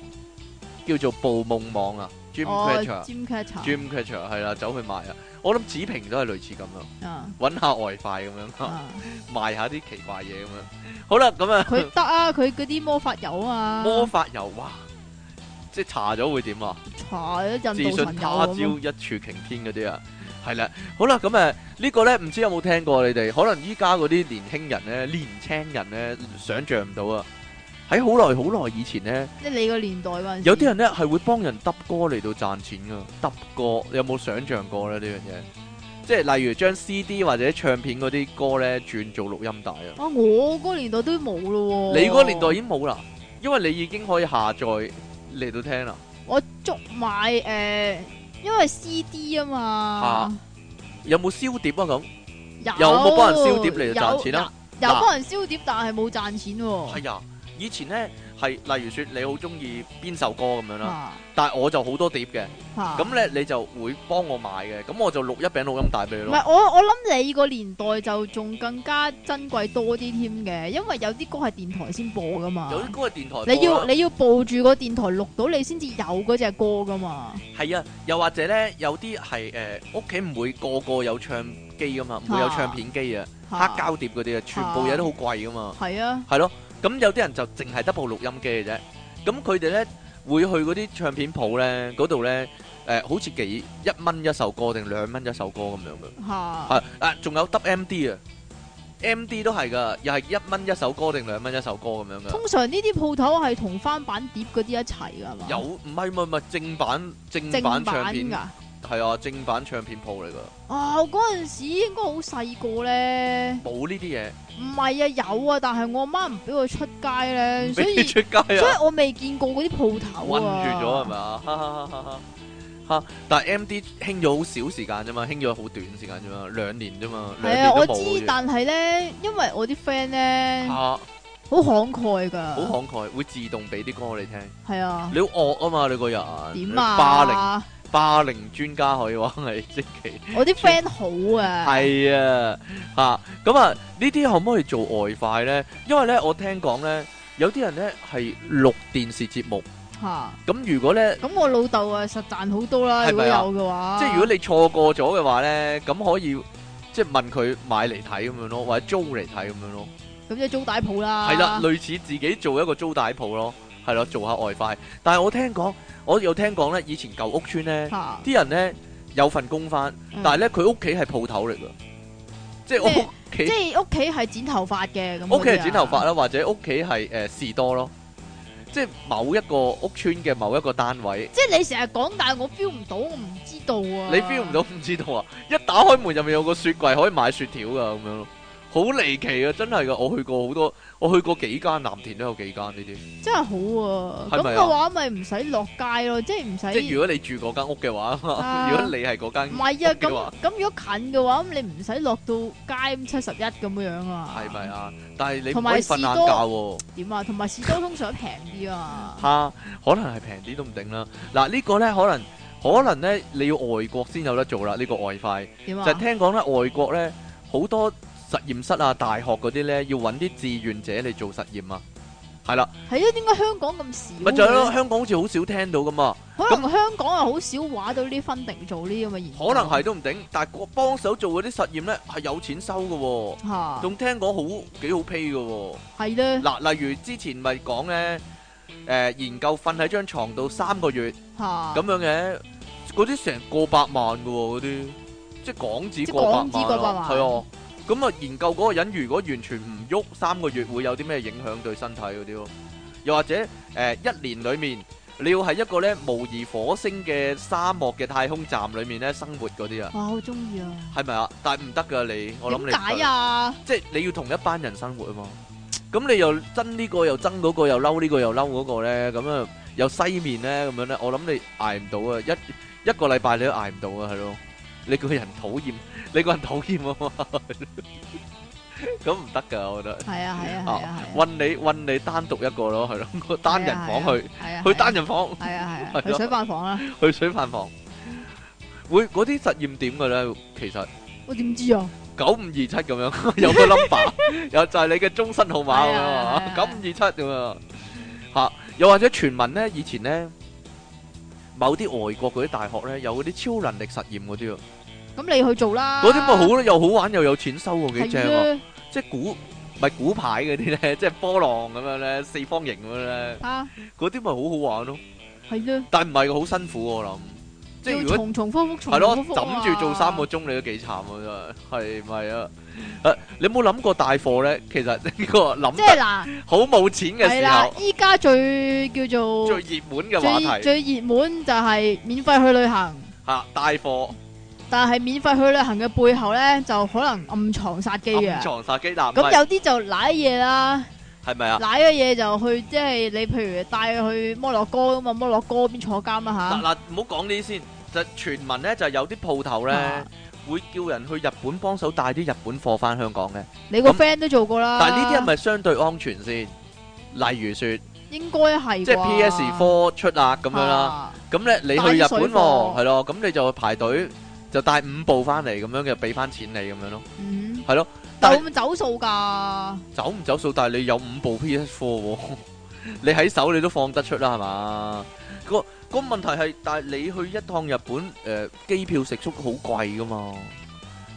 叫做捕夢網啊，dream catcher，dream catcher 係啦，走去賣啊，我諗子平都係類似咁樣，啊，搵下外快咁樣，賣下啲奇怪嘢咁樣，好啦，咁啊，佢得啊，佢嗰啲魔法油啊，魔法油哇！即係查咗會點啊？自信他朝一柱擎天嗰啲、 這個、啊，係啦，好啦，咁誒呢個咧唔知有冇聽過你哋？可能依家嗰啲年輕人咧，年青人咧想象唔到啊！喺好耐好耐以前咧、啊這個，即係你個年代話，有啲人咧係會幫人揼歌嚟到賺錢噶，揼歌你有冇想象過咧呢樣嘢？即係例如將 CD 或者唱片嗰啲歌咧轉做錄音帶啊！啊，我嗰年代都冇咯，你嗰年代已經冇啦，因為你已經可以下載。嚟到聽啦，我捉埋誒，因為 CD 啊嘛，啊有冇燒碟啊咁？有冇幫人燒碟嚟賺錢啊？有有？有幫人燒碟，啊、但係冇賺錢喎、啊。係啊、哎，以前咧。係，例如說你好中意邊首歌咁樣啦，啊、但係我就好多碟嘅，咁咧、啊、你就會幫我買嘅，咁我就錄一餅錄音帶俾你咯。唔係，我我諗你個年代就仲更加珍貴多啲添嘅，因為有啲歌係電台先播噶嘛。有啲歌係電台先播你，你要你要報住個電台錄到你先至有嗰隻歌噶嘛。係啊，啊又或者咧，有啲係誒，屋企唔會個個有唱機噶嘛，唔會有唱片機啊，啊黑膠碟嗰啲啊，全部嘢都好貴噶嘛。係啊，係咯。咁有啲人就淨係得部錄音機嘅啫，咁佢哋咧會去嗰啲唱片鋪咧嗰度咧，誒好似幾一蚊一首歌定兩蚊一首歌咁樣嘅，係啊，仲有得 MD 啊，MD 都係㗎，又係一蚊一首歌定兩蚊一首歌咁樣嘅。通常呢啲鋪頭係同翻版碟嗰啲一齊㗎嘛？有唔係唔係唔係正版，正正版唱片㗎？係啊，正版唱片鋪嚟㗎。啊，嗰陣時應該好細個咧，冇呢啲嘢。唔係啊，有啊，但係我媽唔俾佢出街咧，所以出街啊，所以，所以我未見過嗰啲鋪頭啊。困住咗係咪啊？吓！但係 M D 興咗好少時間啫嘛，興咗好短時間啫嘛，兩年啫嘛。係啊，我知，但係咧，因為我啲 friend 咧，好、啊、慷慨噶，好慷慨會自動俾啲歌你聽。係 啊，你好惡啊嘛，你個人點啊霸凌？霸凌專家可以話係積淇，我啲 friend 好啊，係啊，嚇咁啊呢啲可唔可以做外快咧？因為咧我聽講咧有啲人咧係錄電視節目嚇，咁如果咧咁我老豆啊實賺好多啦，如果有嘅話，即係如果你錯過咗嘅話咧，咁可以即係問佢買嚟睇咁樣咯，或者租嚟睇咁樣咯，咁即係租帶鋪啦，係啦，類似自己做一個租帶鋪咯。係咯，做下外快。Fi，但係我聽講，我有聽講咧，以前舊屋村咧，啲哈人咧有份工返，嗯、但係咧佢屋企係鋪頭嚟嘅，即係屋企，即係屋企係剪頭髮嘅咁。屋企係剪頭髮啦，或者屋企係誒士多咯，即係某一個屋村嘅某一個單位。即係你成日講，但係我 feel 唔到，我唔知道啊！你 feel 唔到唔知道啊？一打開門入面有個雪櫃可以買雪條㗎，咁樣。好離奇啊！真係噶，我去過好多，我去過幾間藍田都有幾間呢啲。真係好喎，咁嘅話咪唔使落街咯，即係唔使。即係如果你住嗰間屋嘅話，如果你係嗰間嘅話，咁如果近嘅話，咁你唔使落到街七十一咁樣啊。係咪啊？但係你唔可以瞓晏覺喎。點啊？同埋士多通常平啲啊。嚇，可能係平啲都唔定啦。嗱呢個咧，可能可能咧，你要外國先有得做啦。呢個外快就聽講咧，外國咧好多。實驗室啊，大學嗰啲咧要揾啲志願者嚟做實驗啊，係啦，係啊，點解香港咁少？咪就係咯，香港好似好少聽到咁啊。咁香港又好少揾到啲 funding 做呢啲咁嘅研究。可能係都唔定，但係幫手做嗰啲實驗咧係有錢收嘅喎，仲聽講好幾好 pay 嘅喎。係咧，嗱，例如之前咪講咧，誒研究瞓喺張牀度三個月，咁樣嘅嗰啲成過百萬嘅喎，嗰啲即係港紙過百萬啦，係啊。咁啊，研究嗰個人如果完全唔喐三個月，會有啲咩影響對身體嗰啲咯？又或者誒，一年裏面你要喺一個咧模擬火星嘅沙漠嘅太空站裏面咧生活嗰啲啊？哇，好中意啊！係咪啊？但係唔得㗎，你我諗你點解啊？即係你要同一班人生活啊嘛？咁你又憎呢個又憎嗰個又嬲呢個又嬲嗰個咧？咁啊又西面咧咁樣咧？我諗你捱唔到啊！一一個禮拜你都捱唔到啊，係咯？你個人討厭，你個人討厭啊嘛，咁唔得噶，我覺得。係啊係啊係啊係啊！揾你揾你單獨一個咯，係咯，個單人房去，去單人房，係啊係啊，去水飯房啦，去水飯房，會嗰啲實驗點嘅咧，其實。我點知啊？九五二七咁樣，有乜 number？又就係你嘅終身號碼喎，九五二七咁樣嚇！又或者傳聞咧，以前咧。某啲外國嗰啲大學咧，有嗰啲超能力實驗嗰啲喎。咁你去做啦。嗰啲咪好又好玩又有錢收喎，幾正喎！即係古唔係古牌嗰啲咧，即係波浪咁樣咧，四方形咁樣咧。嚇！嗰啲咪好好玩咯。係啊。但唔係個好辛苦喎，我諗。即係如果重複重複重複重複，係咯，揼住做三個鐘，你都幾慘喎，真係。係咪啊？誒，你有冇諗過帶貨咧？其實呢個諗即係嗱，好冇錢嘅時候。係啦，依家最叫做最熱門嘅話題，最熱門就係免費去旅行。係啦，帶貨，但係免費去旅行嘅背後咧，就可能暗藏殺機嘅。暗藏殺機，咁有啲就瀨嘢啦，係咪啊？瀨嘢就去，即係你譬如帶佢去摩洛哥咁啊，摩洛哥邊坐監啊吓？嗱，唔好講呢啲先，就傳聞咧，就係有啲鋪頭咧。會叫人去日本幫手帶啲日本貨翻香港嘅，你個 friend、嗯、都做過啦。但係呢啲係咪相對安全先？例如說，應該係即係 PS4 出啊咁樣啦。咁咧，你去日本係咯，咁你就去排隊就帶五部翻嚟，咁樣嘅俾翻錢你咁樣咯。嗯，係咯。但係會唔會走數噶？走唔走數？但係你有五部 PS4， 你喺手你都放得出啦，係嘛？個。個問題係，但係你去一趟日本，誒、呃，機票食宿好貴噶嘛？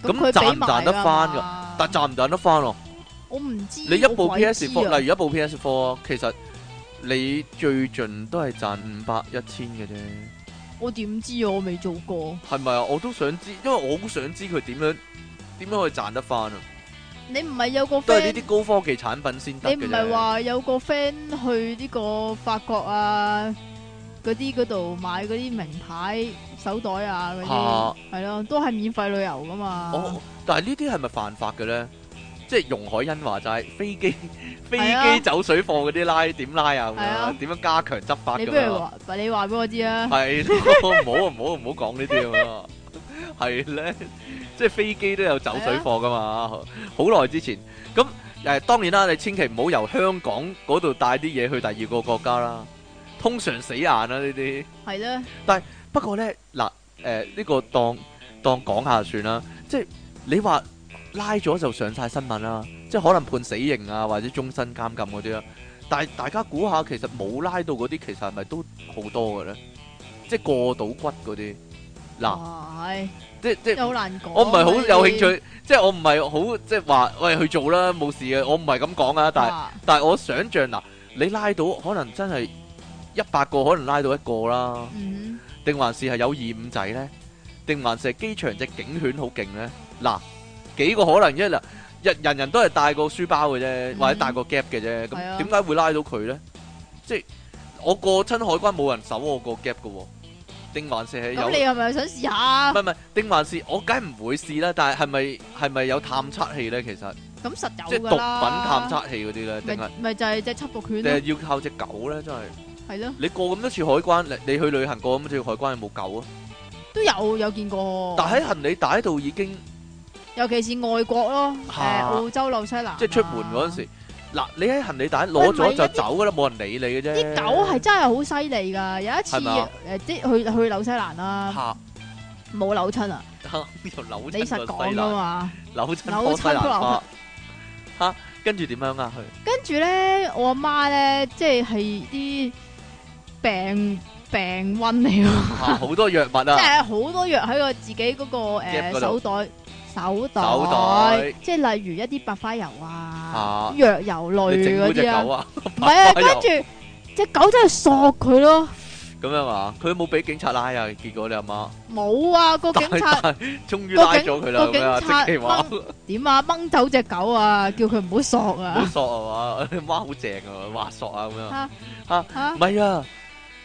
咁佢賺唔賺得翻噶？但係賺唔賺得翻哦？我唔知。你一部 P S Four，啊、例如一部 P S Four，其實你最盡都係賺五百一千嘅啫。我點知？我未做過。係咪啊？我都想知，因為我好想知佢點樣，點樣可以賺得翻啊？你唔係有個 friend？都係呢啲高科技產品先得嘅啫。你唔係話有個 friend 去呢個法國啊？嗰啲嗰度買嗰啲名牌手袋啊，嗰啲係咯，都係免費旅遊噶嘛。哦，但係呢啲係咪犯法嘅咧？即係容海恩話就係飛機飛機走水貨嗰啲拉點拉啊，點的樣加強執法的你不如話嘛，你話俾我知啊。係是的，唔好唔好唔好講呢啲咁咯。係咧， 即係飛機都有走水貨噶嘛。好耐之前咁誒，當然啦，你千祈唔好由香港嗰度帶啲嘢去第二個國家啦。通常死硬啦呢啲，係啦。但係不過咧，嗱誒呢個當當講下算啦。即係你話拉咗就上晒新聞啦，即係可能判死刑啊，或者終身監禁嗰啲啦。但係大家估下，其實冇拉到嗰啲，其實係咪都好多嘅咧？即係過到骨嗰啲，嗱，即係即係好難講，我唔係好有興趣，即係我唔係好即係話喂去做啦冇事嘅，我唔係咁講啊。但係但係我想像嗱，你拉到可能真係。一百個可能拉到一個啦，定還是係有二五仔咧？定還是係機場隻警犬好勁咧？嗱，幾個可能啫嗱，人人人都係帶個書包嘅啫，或者帶個夾嘅啫，咁點解會拉到佢咧？即係我過親海關冇人搜我個夾嘅，定還是係有？咁你係咪想試下？唔係唔係，定還是我梗係唔會試啦。但係係咪係咪有探測器咧？其實咁實有嘅啦，毒品探測器嗰啲咧，定係唔係就係隻緝毒犬？定係要靠隻狗咧，真係。係咯，你過咁多次海關，你你去旅行過咁多次海關有冇狗啊？都有有見過，但喺行李帶度已經，尤其是外國咯，誒，澳洲、紐西蘭，即係出門嗰陣時，嗱，你喺行李帶攞咗就走噶啦，冇人理你嘅啫。啲狗係真係好犀利噶，有一次誒，即係去去紐西蘭啦，吓，冇扭親啊，吓，又扭，你實講啊嘛，扭親紐西蘭啊，吓，跟住點樣啊？佢跟住咧，我阿媽咧，即係係啲。病病瘟嚟喎，好多藥物啊！即係好多藥喺個自己嗰個誒手袋、手袋，即係例如一啲白花油啊、藥油類嗰啲啊。唔係啊，跟住隻狗真係索佢咯。咁樣話，佢冇俾警察拉啊，結果你阿媽冇啊，個警察終於拉咗佢啦。點啊？掹走隻狗啊！叫佢唔好索啊！唔好索啊嘛，阿媽好正啊，話索啊咁樣。吓吓，唔係啊！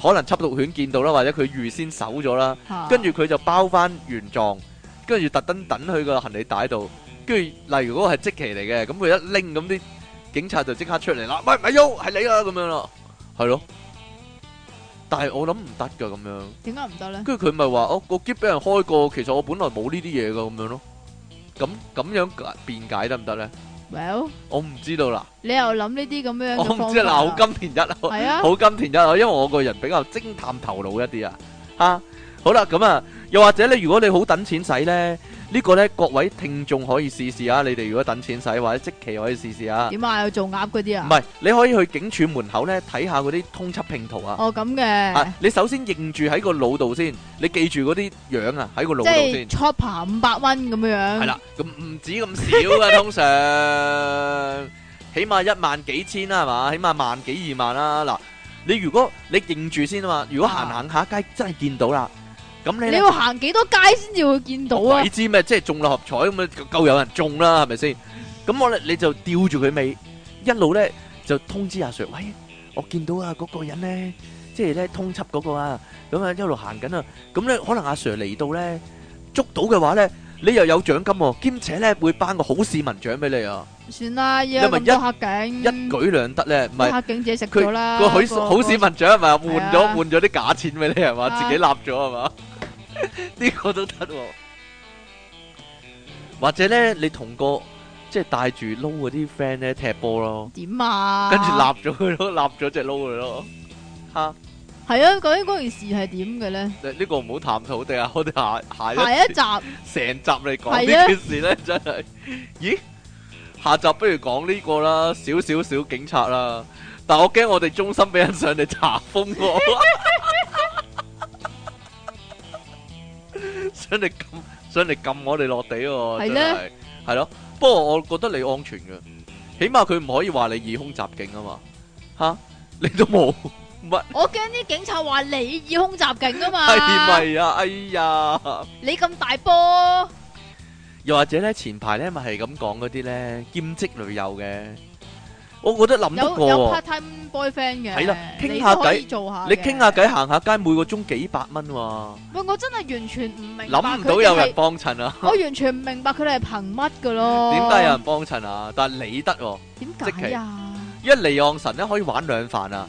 可能緝毒犬見到啦，或者佢預先搜咗啦，跟住佢就包翻原狀，跟住特登等佢個行李帶度，跟住例如嗰個係即期嚟嘅，咁佢一拎，咁啲警察就即刻出嚟啦，喂，咪喐，係你啊，咁樣咯，係咯，但係我諗唔得噶咁樣，點解唔得咧？跟住佢咪話哦，個喼俾人開過，其實我本來冇呢啲嘢噶，咁樣咯，咁咁樣辯解得唔得咧？Well，這這我唔知道啦。你又諗呢啲咁樣我唔知啊，好金田一啊，好 金田一啊，因為我個人比較偵探頭腦一啲啊，哈，好啦，咁啊，又或者你如果你好等錢使咧。呢個呢，各位聽眾可以試試啊！你哋如果等錢使或者即期，可以試試啊。點啊？做鴨嗰啲啊？唔係，你可以去警署門口呢睇下嗰啲通緝拼圖啊。哦，咁嘅、啊。你首先認住喺個腦度先，你記住嗰啲樣啊喺個腦度先。chopper 五百蚊咁樣。係啦，咁唔止咁少噶、啊，通常 起碼一萬幾千啦、啊，係嘛？起碼萬幾二萬啦、啊。嗱、啊，你如果你認住先啊嘛，如果行行下街真係見到啦。 你要行幾多街先至會見到啊？你知咩？即係中六合彩咁啊，夠有人中啦，係咪先？咁我咧你就吊住佢尾，一路咧就通知阿 Sir，喂，我見到啊嗰個人咧，即係咧通緝嗰個啊，咁啊一路行緊啊，咁咧可能阿 Sir 嚟到咧捉到嘅話咧，你又有獎金，兼且咧會頒個好市民獎俾你啊！算啦，要咁多客頸，一舉兩得咧，唔係客頸只食咗啦個好市民獎，係咪換咗換咗啲假錢俾你係嘛，自己立咗係嘛。呢 個都得，或者咧，你同個即係帶住撈嗰啲 friend 咧踢波咯，點啊？跟住立咗佢咯，立咗隻撈佢咯，吓？係啊，究竟嗰件事係點嘅咧？呢個唔好探討，定係我哋下下一下一集成 集你講呢件事咧，真係，咦？下集不如講呢個啦，少少少警察,啦，但我驚我哋中心俾人上嚟查封我。 想你撳，想你撳我哋落地喎，係咧，係咯。不過我覺得你安全嘅，起碼佢唔可以話你以空襲警啊嘛。吓，你都冇乜。我驚啲警察話你以空襲警啊嘛。係咪啊？哎呀，你咁大波。又或者咧，前排咧咪係咁講嗰啲咧兼職女友嘅。我覺得諗得過喎，有 part-time boyfriend 嘅，你都可以做下。你傾下偈，行下街，每個鐘幾百蚊喎。喂！我真係完全唔明，諗唔到有人幫襯啊！我完全唔明白佢哋係憑乜嘅咯？點解有人幫襯啊？但係你得喎，點解呀？一離岸神咧可以玩兩飯啊！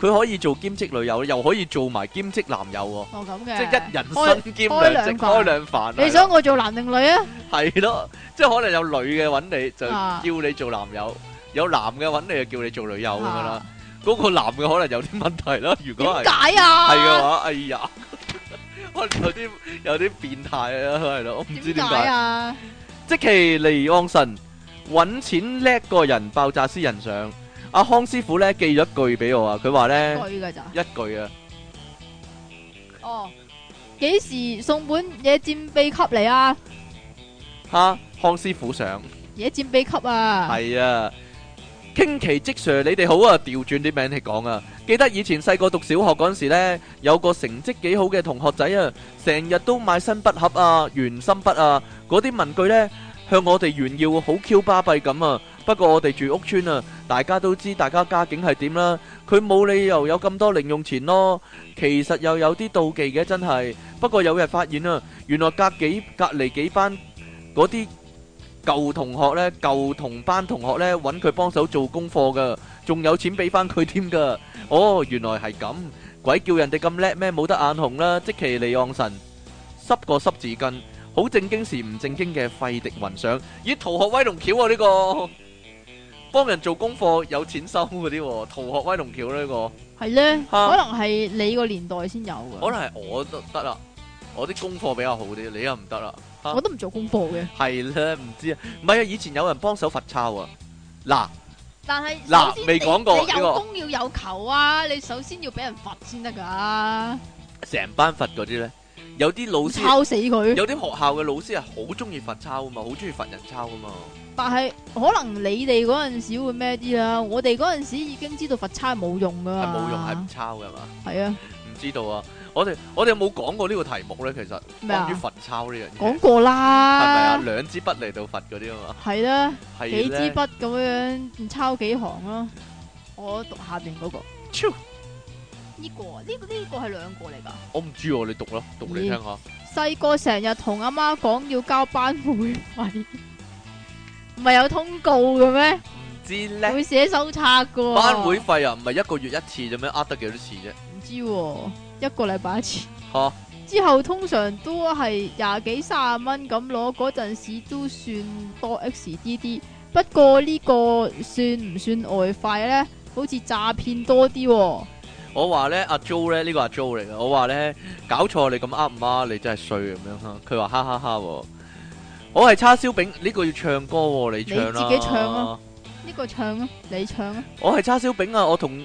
佢可以做兼職女友，又可以做埋兼職男友喎。哦咁嘅，即係一人兼兼兩兼兩飯。你想我做男定女啊？係咯，即係可能有女嘅揾你就叫你做男友。有男嘅揾你，就叫你做女友咁啦。嗰個男嘅可能有啲問題啦。如果係點解啊？係嘅話，哎呀，可能有啲有啲變態啊，係咯。我唔知點解啊。積淇離岸神揾錢叻過人，爆炸師人上。阿康師傅咧寄咗一句俾我啊，佢話咧一句嘅咋？一句啊。哦，幾時送本野戰秘笈嚟啊？吓，康師傅上野戰秘笈啊？係啊。傾奇積 Sir，你哋好啊！調轉啲名嚟講啊！記得以前細個讀小學嗰陣時咧，有個成績幾好嘅同學仔啊，成日都買新筆盒啊、圓心筆啊嗰啲文具呢，向我哋炫耀好 Q 巴閉咁啊！不過我哋住屋村啊，大家都知大家家境係點啦，佢冇理由有咁多零用錢咯。其實又有啲妒忌嘅，真係。不過有日發現啊，原來隔幾隔離幾班嗰啲。舊同學咧，舊同班同學咧，搵佢幫手做功課噶，仲有錢俾翻佢添噶。哦，原來係咁，鬼叫人哋咁叻咩？冇得眼紅啦！積淇離岸神，濕個濕紙巾，好正經時唔正經嘅廢敵雲上，咦逃學威龍橋啊！呢個幫人做功課有錢收嗰啲，逃學威龍橋咧，呢個係咧，可能係你個年代先有噶，可能係我都得啦，我啲功課比較好啲，你又唔得啦。我都唔做功課嘅，係啦， 唔知啊，唔係啊，以前有人幫手罰抄啊，嗱、啊，但係嗱未講過你，你有功要有求啊，這個、你首先要俾人罰先得噶。成班罰嗰啲咧，有啲老師抄死佢，有啲學校嘅老師係，好中意罰抄啊嘛，好中意罰人抄啊嘛。但係可能你哋嗰陣時會咩啲啦，我哋嗰陣時已經知道罰抄係冇用噶、啊，係冇用，係唔抄噶嘛？係啊，唔 知道啊。我哋我哋有冇講過呢個題目咧？其實關於罰抄呢樣嘢，講過啦是是，係咪啊？兩支筆嚟到罰嗰啲啊嘛，係啦，幾支筆咁樣唔抄幾行咯、啊。我讀下邊嗰、那個，呢哭、這個呢、這個呢、這個係兩個嚟噶。我唔知、啊，你讀咯，讀嚟聽下。細個成日同阿媽講要交班會費，唔 係有通告嘅咩？唔知咧，會寫手冊噶班會費啊？唔係一個月一次啫咩？呃得幾多次啫、啊？唔知、啊。一個禮拜一次，哈之後通常都係廿幾卅蚊咁攞，嗰陣時都算多 X 啲啲。不過呢個算唔算外快咧？好似詐騙多啲、哦這個。我話咧，阿 Jo 咧，呢個阿 Jo 嚟嘅。我話咧，搞錯你咁呃唔媽，你真係衰咁樣。佢話哈，哈哈哈，我係叉燒餅，呢、這個要唱歌、哦，你唱啦、啊。自己唱啊，呢、啊、個唱啊，你唱啊。我係叉燒餅啊，我同。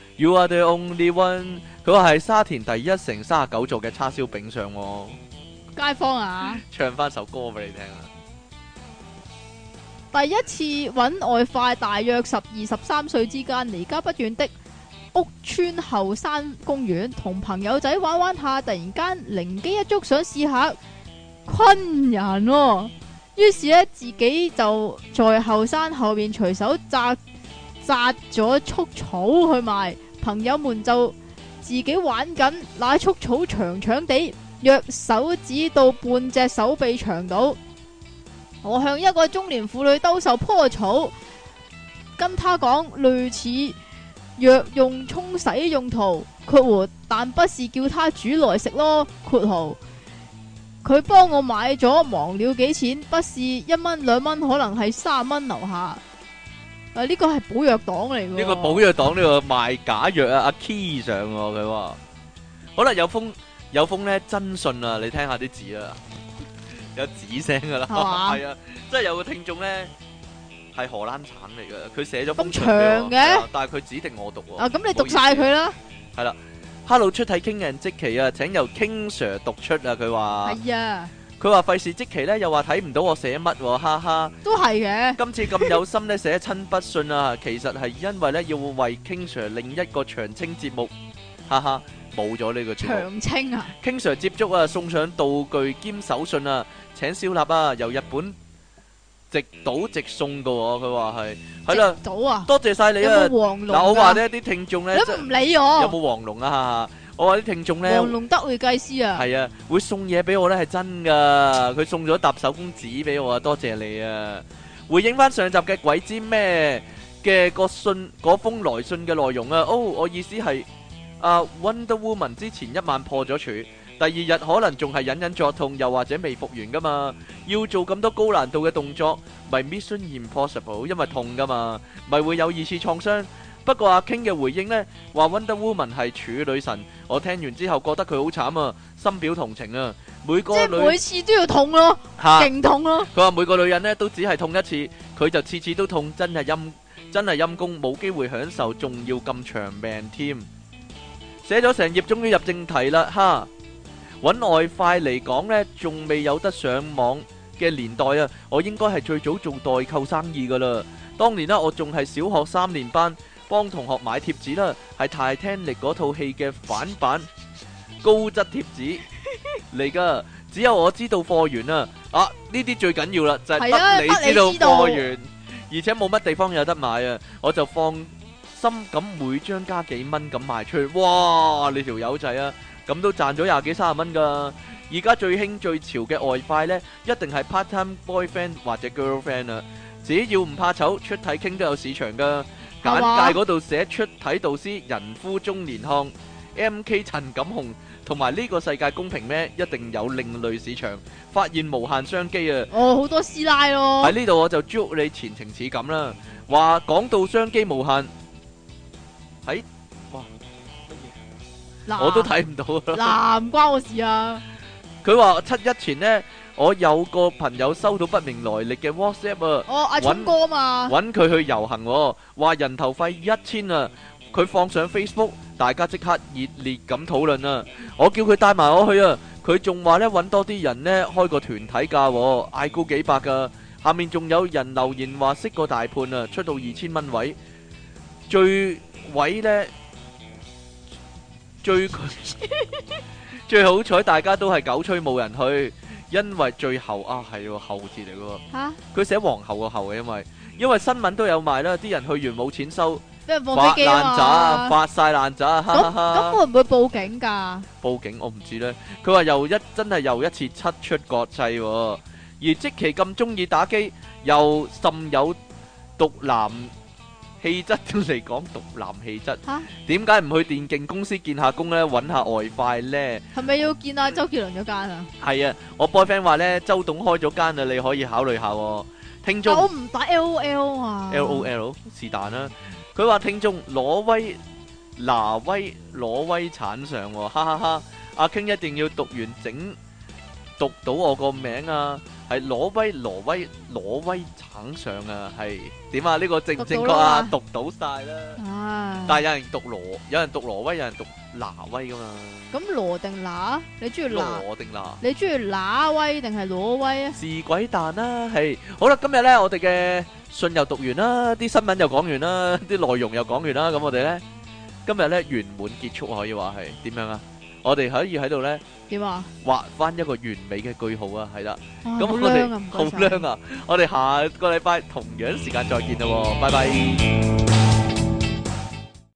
You are the only one。佢話係沙田第一城三十九座嘅叉燒餅上。街坊啊！ 唱翻首歌俾你聽啊！第一次揾外快，大約十二十三歲之間，離家不遠的屋村後山公園，同朋友仔玩玩下，突然間靈機一觸，想試下昆人、哦。於是呢，自己就在後山後面隨手扎。摘咗束草去賣，朋友們就自己玩緊，那束草長長地，約手指到半隻手臂長度。我向一個中年婦女兜售棵草，跟她講類似藥用沖洗用途，括弧，但不是叫她煮來食咯，括號佢幫我買咗，忘了幾錢，不是一蚊兩蚊，可能係三蚊樓下。誒，呢個係寶藥黨嚟嘅，呢個寶藥黨呢個賣假藥啊！阿 Key 上，佢話：好啦，有封有封咧真信啊，你聽下啲字啊，有紙聲噶啦，係啊，即係有個聽眾咧係荷蘭產嚟嘅，佢寫咗封長嘅，但係佢指定我讀，啊，咁你讀晒佢啦，係啦，Hello 出體 King and 積淇啊，請由 King Sir 讀出啊，佢話係啊。佢話費事即期咧，又話睇唔到我寫乜喎，哈哈！都係嘅。今次咁有心咧寫親筆信啊，其實係因為咧要為 King Sir 另一個長青節目，哈哈，冇咗呢個長青啊！King Sir 接觸啊，送上道具兼手信啊，請小立啊，由日本直島直送嘅喎，佢話係係啦，到啊，多謝曬你啊！嗱，我話咧啲聽眾咧，你唔理我，有冇黃龍啊？哈哈！我啲聽眾咧，黃龍德會計師啊，係啊，會送嘢俾我咧係真噶，佢送咗一疊手工紙俾我啊，多謝你啊！回應翻上集嘅鬼知咩嘅個信嗰封來信嘅內容啊，哦，我意思係啊，Wonder Woman 之前一晚破咗處，第二日可能仲係隱隱作痛，又或者未復原噶嘛，要做咁多高難度嘅動作，咪 Mission Impossible，因為痛噶嘛，咪會有二次創傷。不過阿 king 嘅回應咧，話 Wonder Woman 係處女神，我聽完之後覺得佢好慘啊，深表同情啊。每個女即係每次都要痛咯，吓，勁痛咯。佢話每個女人咧都只係痛一次，佢就次次都痛，真係陰真係陰功，冇機會享受，仲要咁長命添。寫咗成頁，終於入正題啦，吓。搵外快嚟講咧，仲未有得上網嘅年代啊，我應該係最早做代購生意噶啦。當年咧，我仲係小學三年班，幫同學買貼紙啦，係 Titanic 嗰套戲嘅反版，高質貼紙嚟噶，只有我知道貨源啊！啊，呢啲最緊要啦，就係、是、得你知道貨源，而且冇乜地方有得買啊！我就放心咁每張加幾蚊咁賣出去，哇！你條友仔啊，咁都賺咗廿幾三十蚊噶！而家最興最潮嘅外快呢，一定係 part time boyfriend 或者 girlfriend 啊。只要唔怕醜，出體傾都有市場噶。簡介嗰度寫出睇導師人夫中年漢 M K 陳錦鴻，同埋呢個世界公平咩？一定有另類市場，發現無限商機啊！哦，好多師奶咯！喺呢度我就祝你前程似錦啦！話講到商機無限，喺哇，我都睇唔到，唔關我事啊！佢話七一前呢。我有個朋友收到不明來歷嘅 WhatsApp 啊，阿春哥嘛，搵佢去遊行，話人頭費一千啊，佢放上 Facebook，大家即刻熱烈咁討論啊。我叫佢帶埋我去啊，佢仲話呢搵多啲人呢開個團體價，嗌高幾百噶。下面仲有人留言話識個大判啊，出到二千蚊位，最位呢最佢最好彩，大家都係狗吹冇人去。因為最後啊，係個後字嚟喎，佢、啊、寫皇后個後嘅，因為因為新聞都有賣啦，啲人去完冇錢收，發、啊、爛渣，發晒爛渣，咁咁會唔會報警㗎？報警我唔知咧，佢話又一真係又一次七出國際喎，而即期咁中意打機，又甚有毒男。氣質點嚟講？毒男氣質。吓，點解唔去電競公司見下工咧？搵下外快咧？係咪要見阿周杰倫嗰間啊？係啊，我 boyfriend 話咧，周董開咗間啊，你可以考慮下。聽眾，我唔打 L O L 啊。L O L 是但啦，佢話聽眾攞威拿威攞威鏟上，哈哈哈！阿 King 一定要讀完整，讀到我個名啊！係挪威、挪威、挪威橙上啊，係點啊？呢、這個正正確啊？讀到晒啦、啊，啊、唉但係有人讀羅，有人讀挪威，有人讀挪威噶嘛、啊？咁、嗯、羅定拿，你中意羅定拿？你中意拿威定係挪威啊？是鬼蛋啦，係。好啦，今日咧，我哋嘅信又讀完啦，啲新聞又講完啦，啲內容又講完啦，咁我哋咧今日咧圓滿結束可以話係點樣啊？我哋可以喺度咧，點啊，畫翻一個完美嘅句號啊！係啦，咁我哋好靚啊！我哋下個禮拜同樣時間再見啦，拜拜。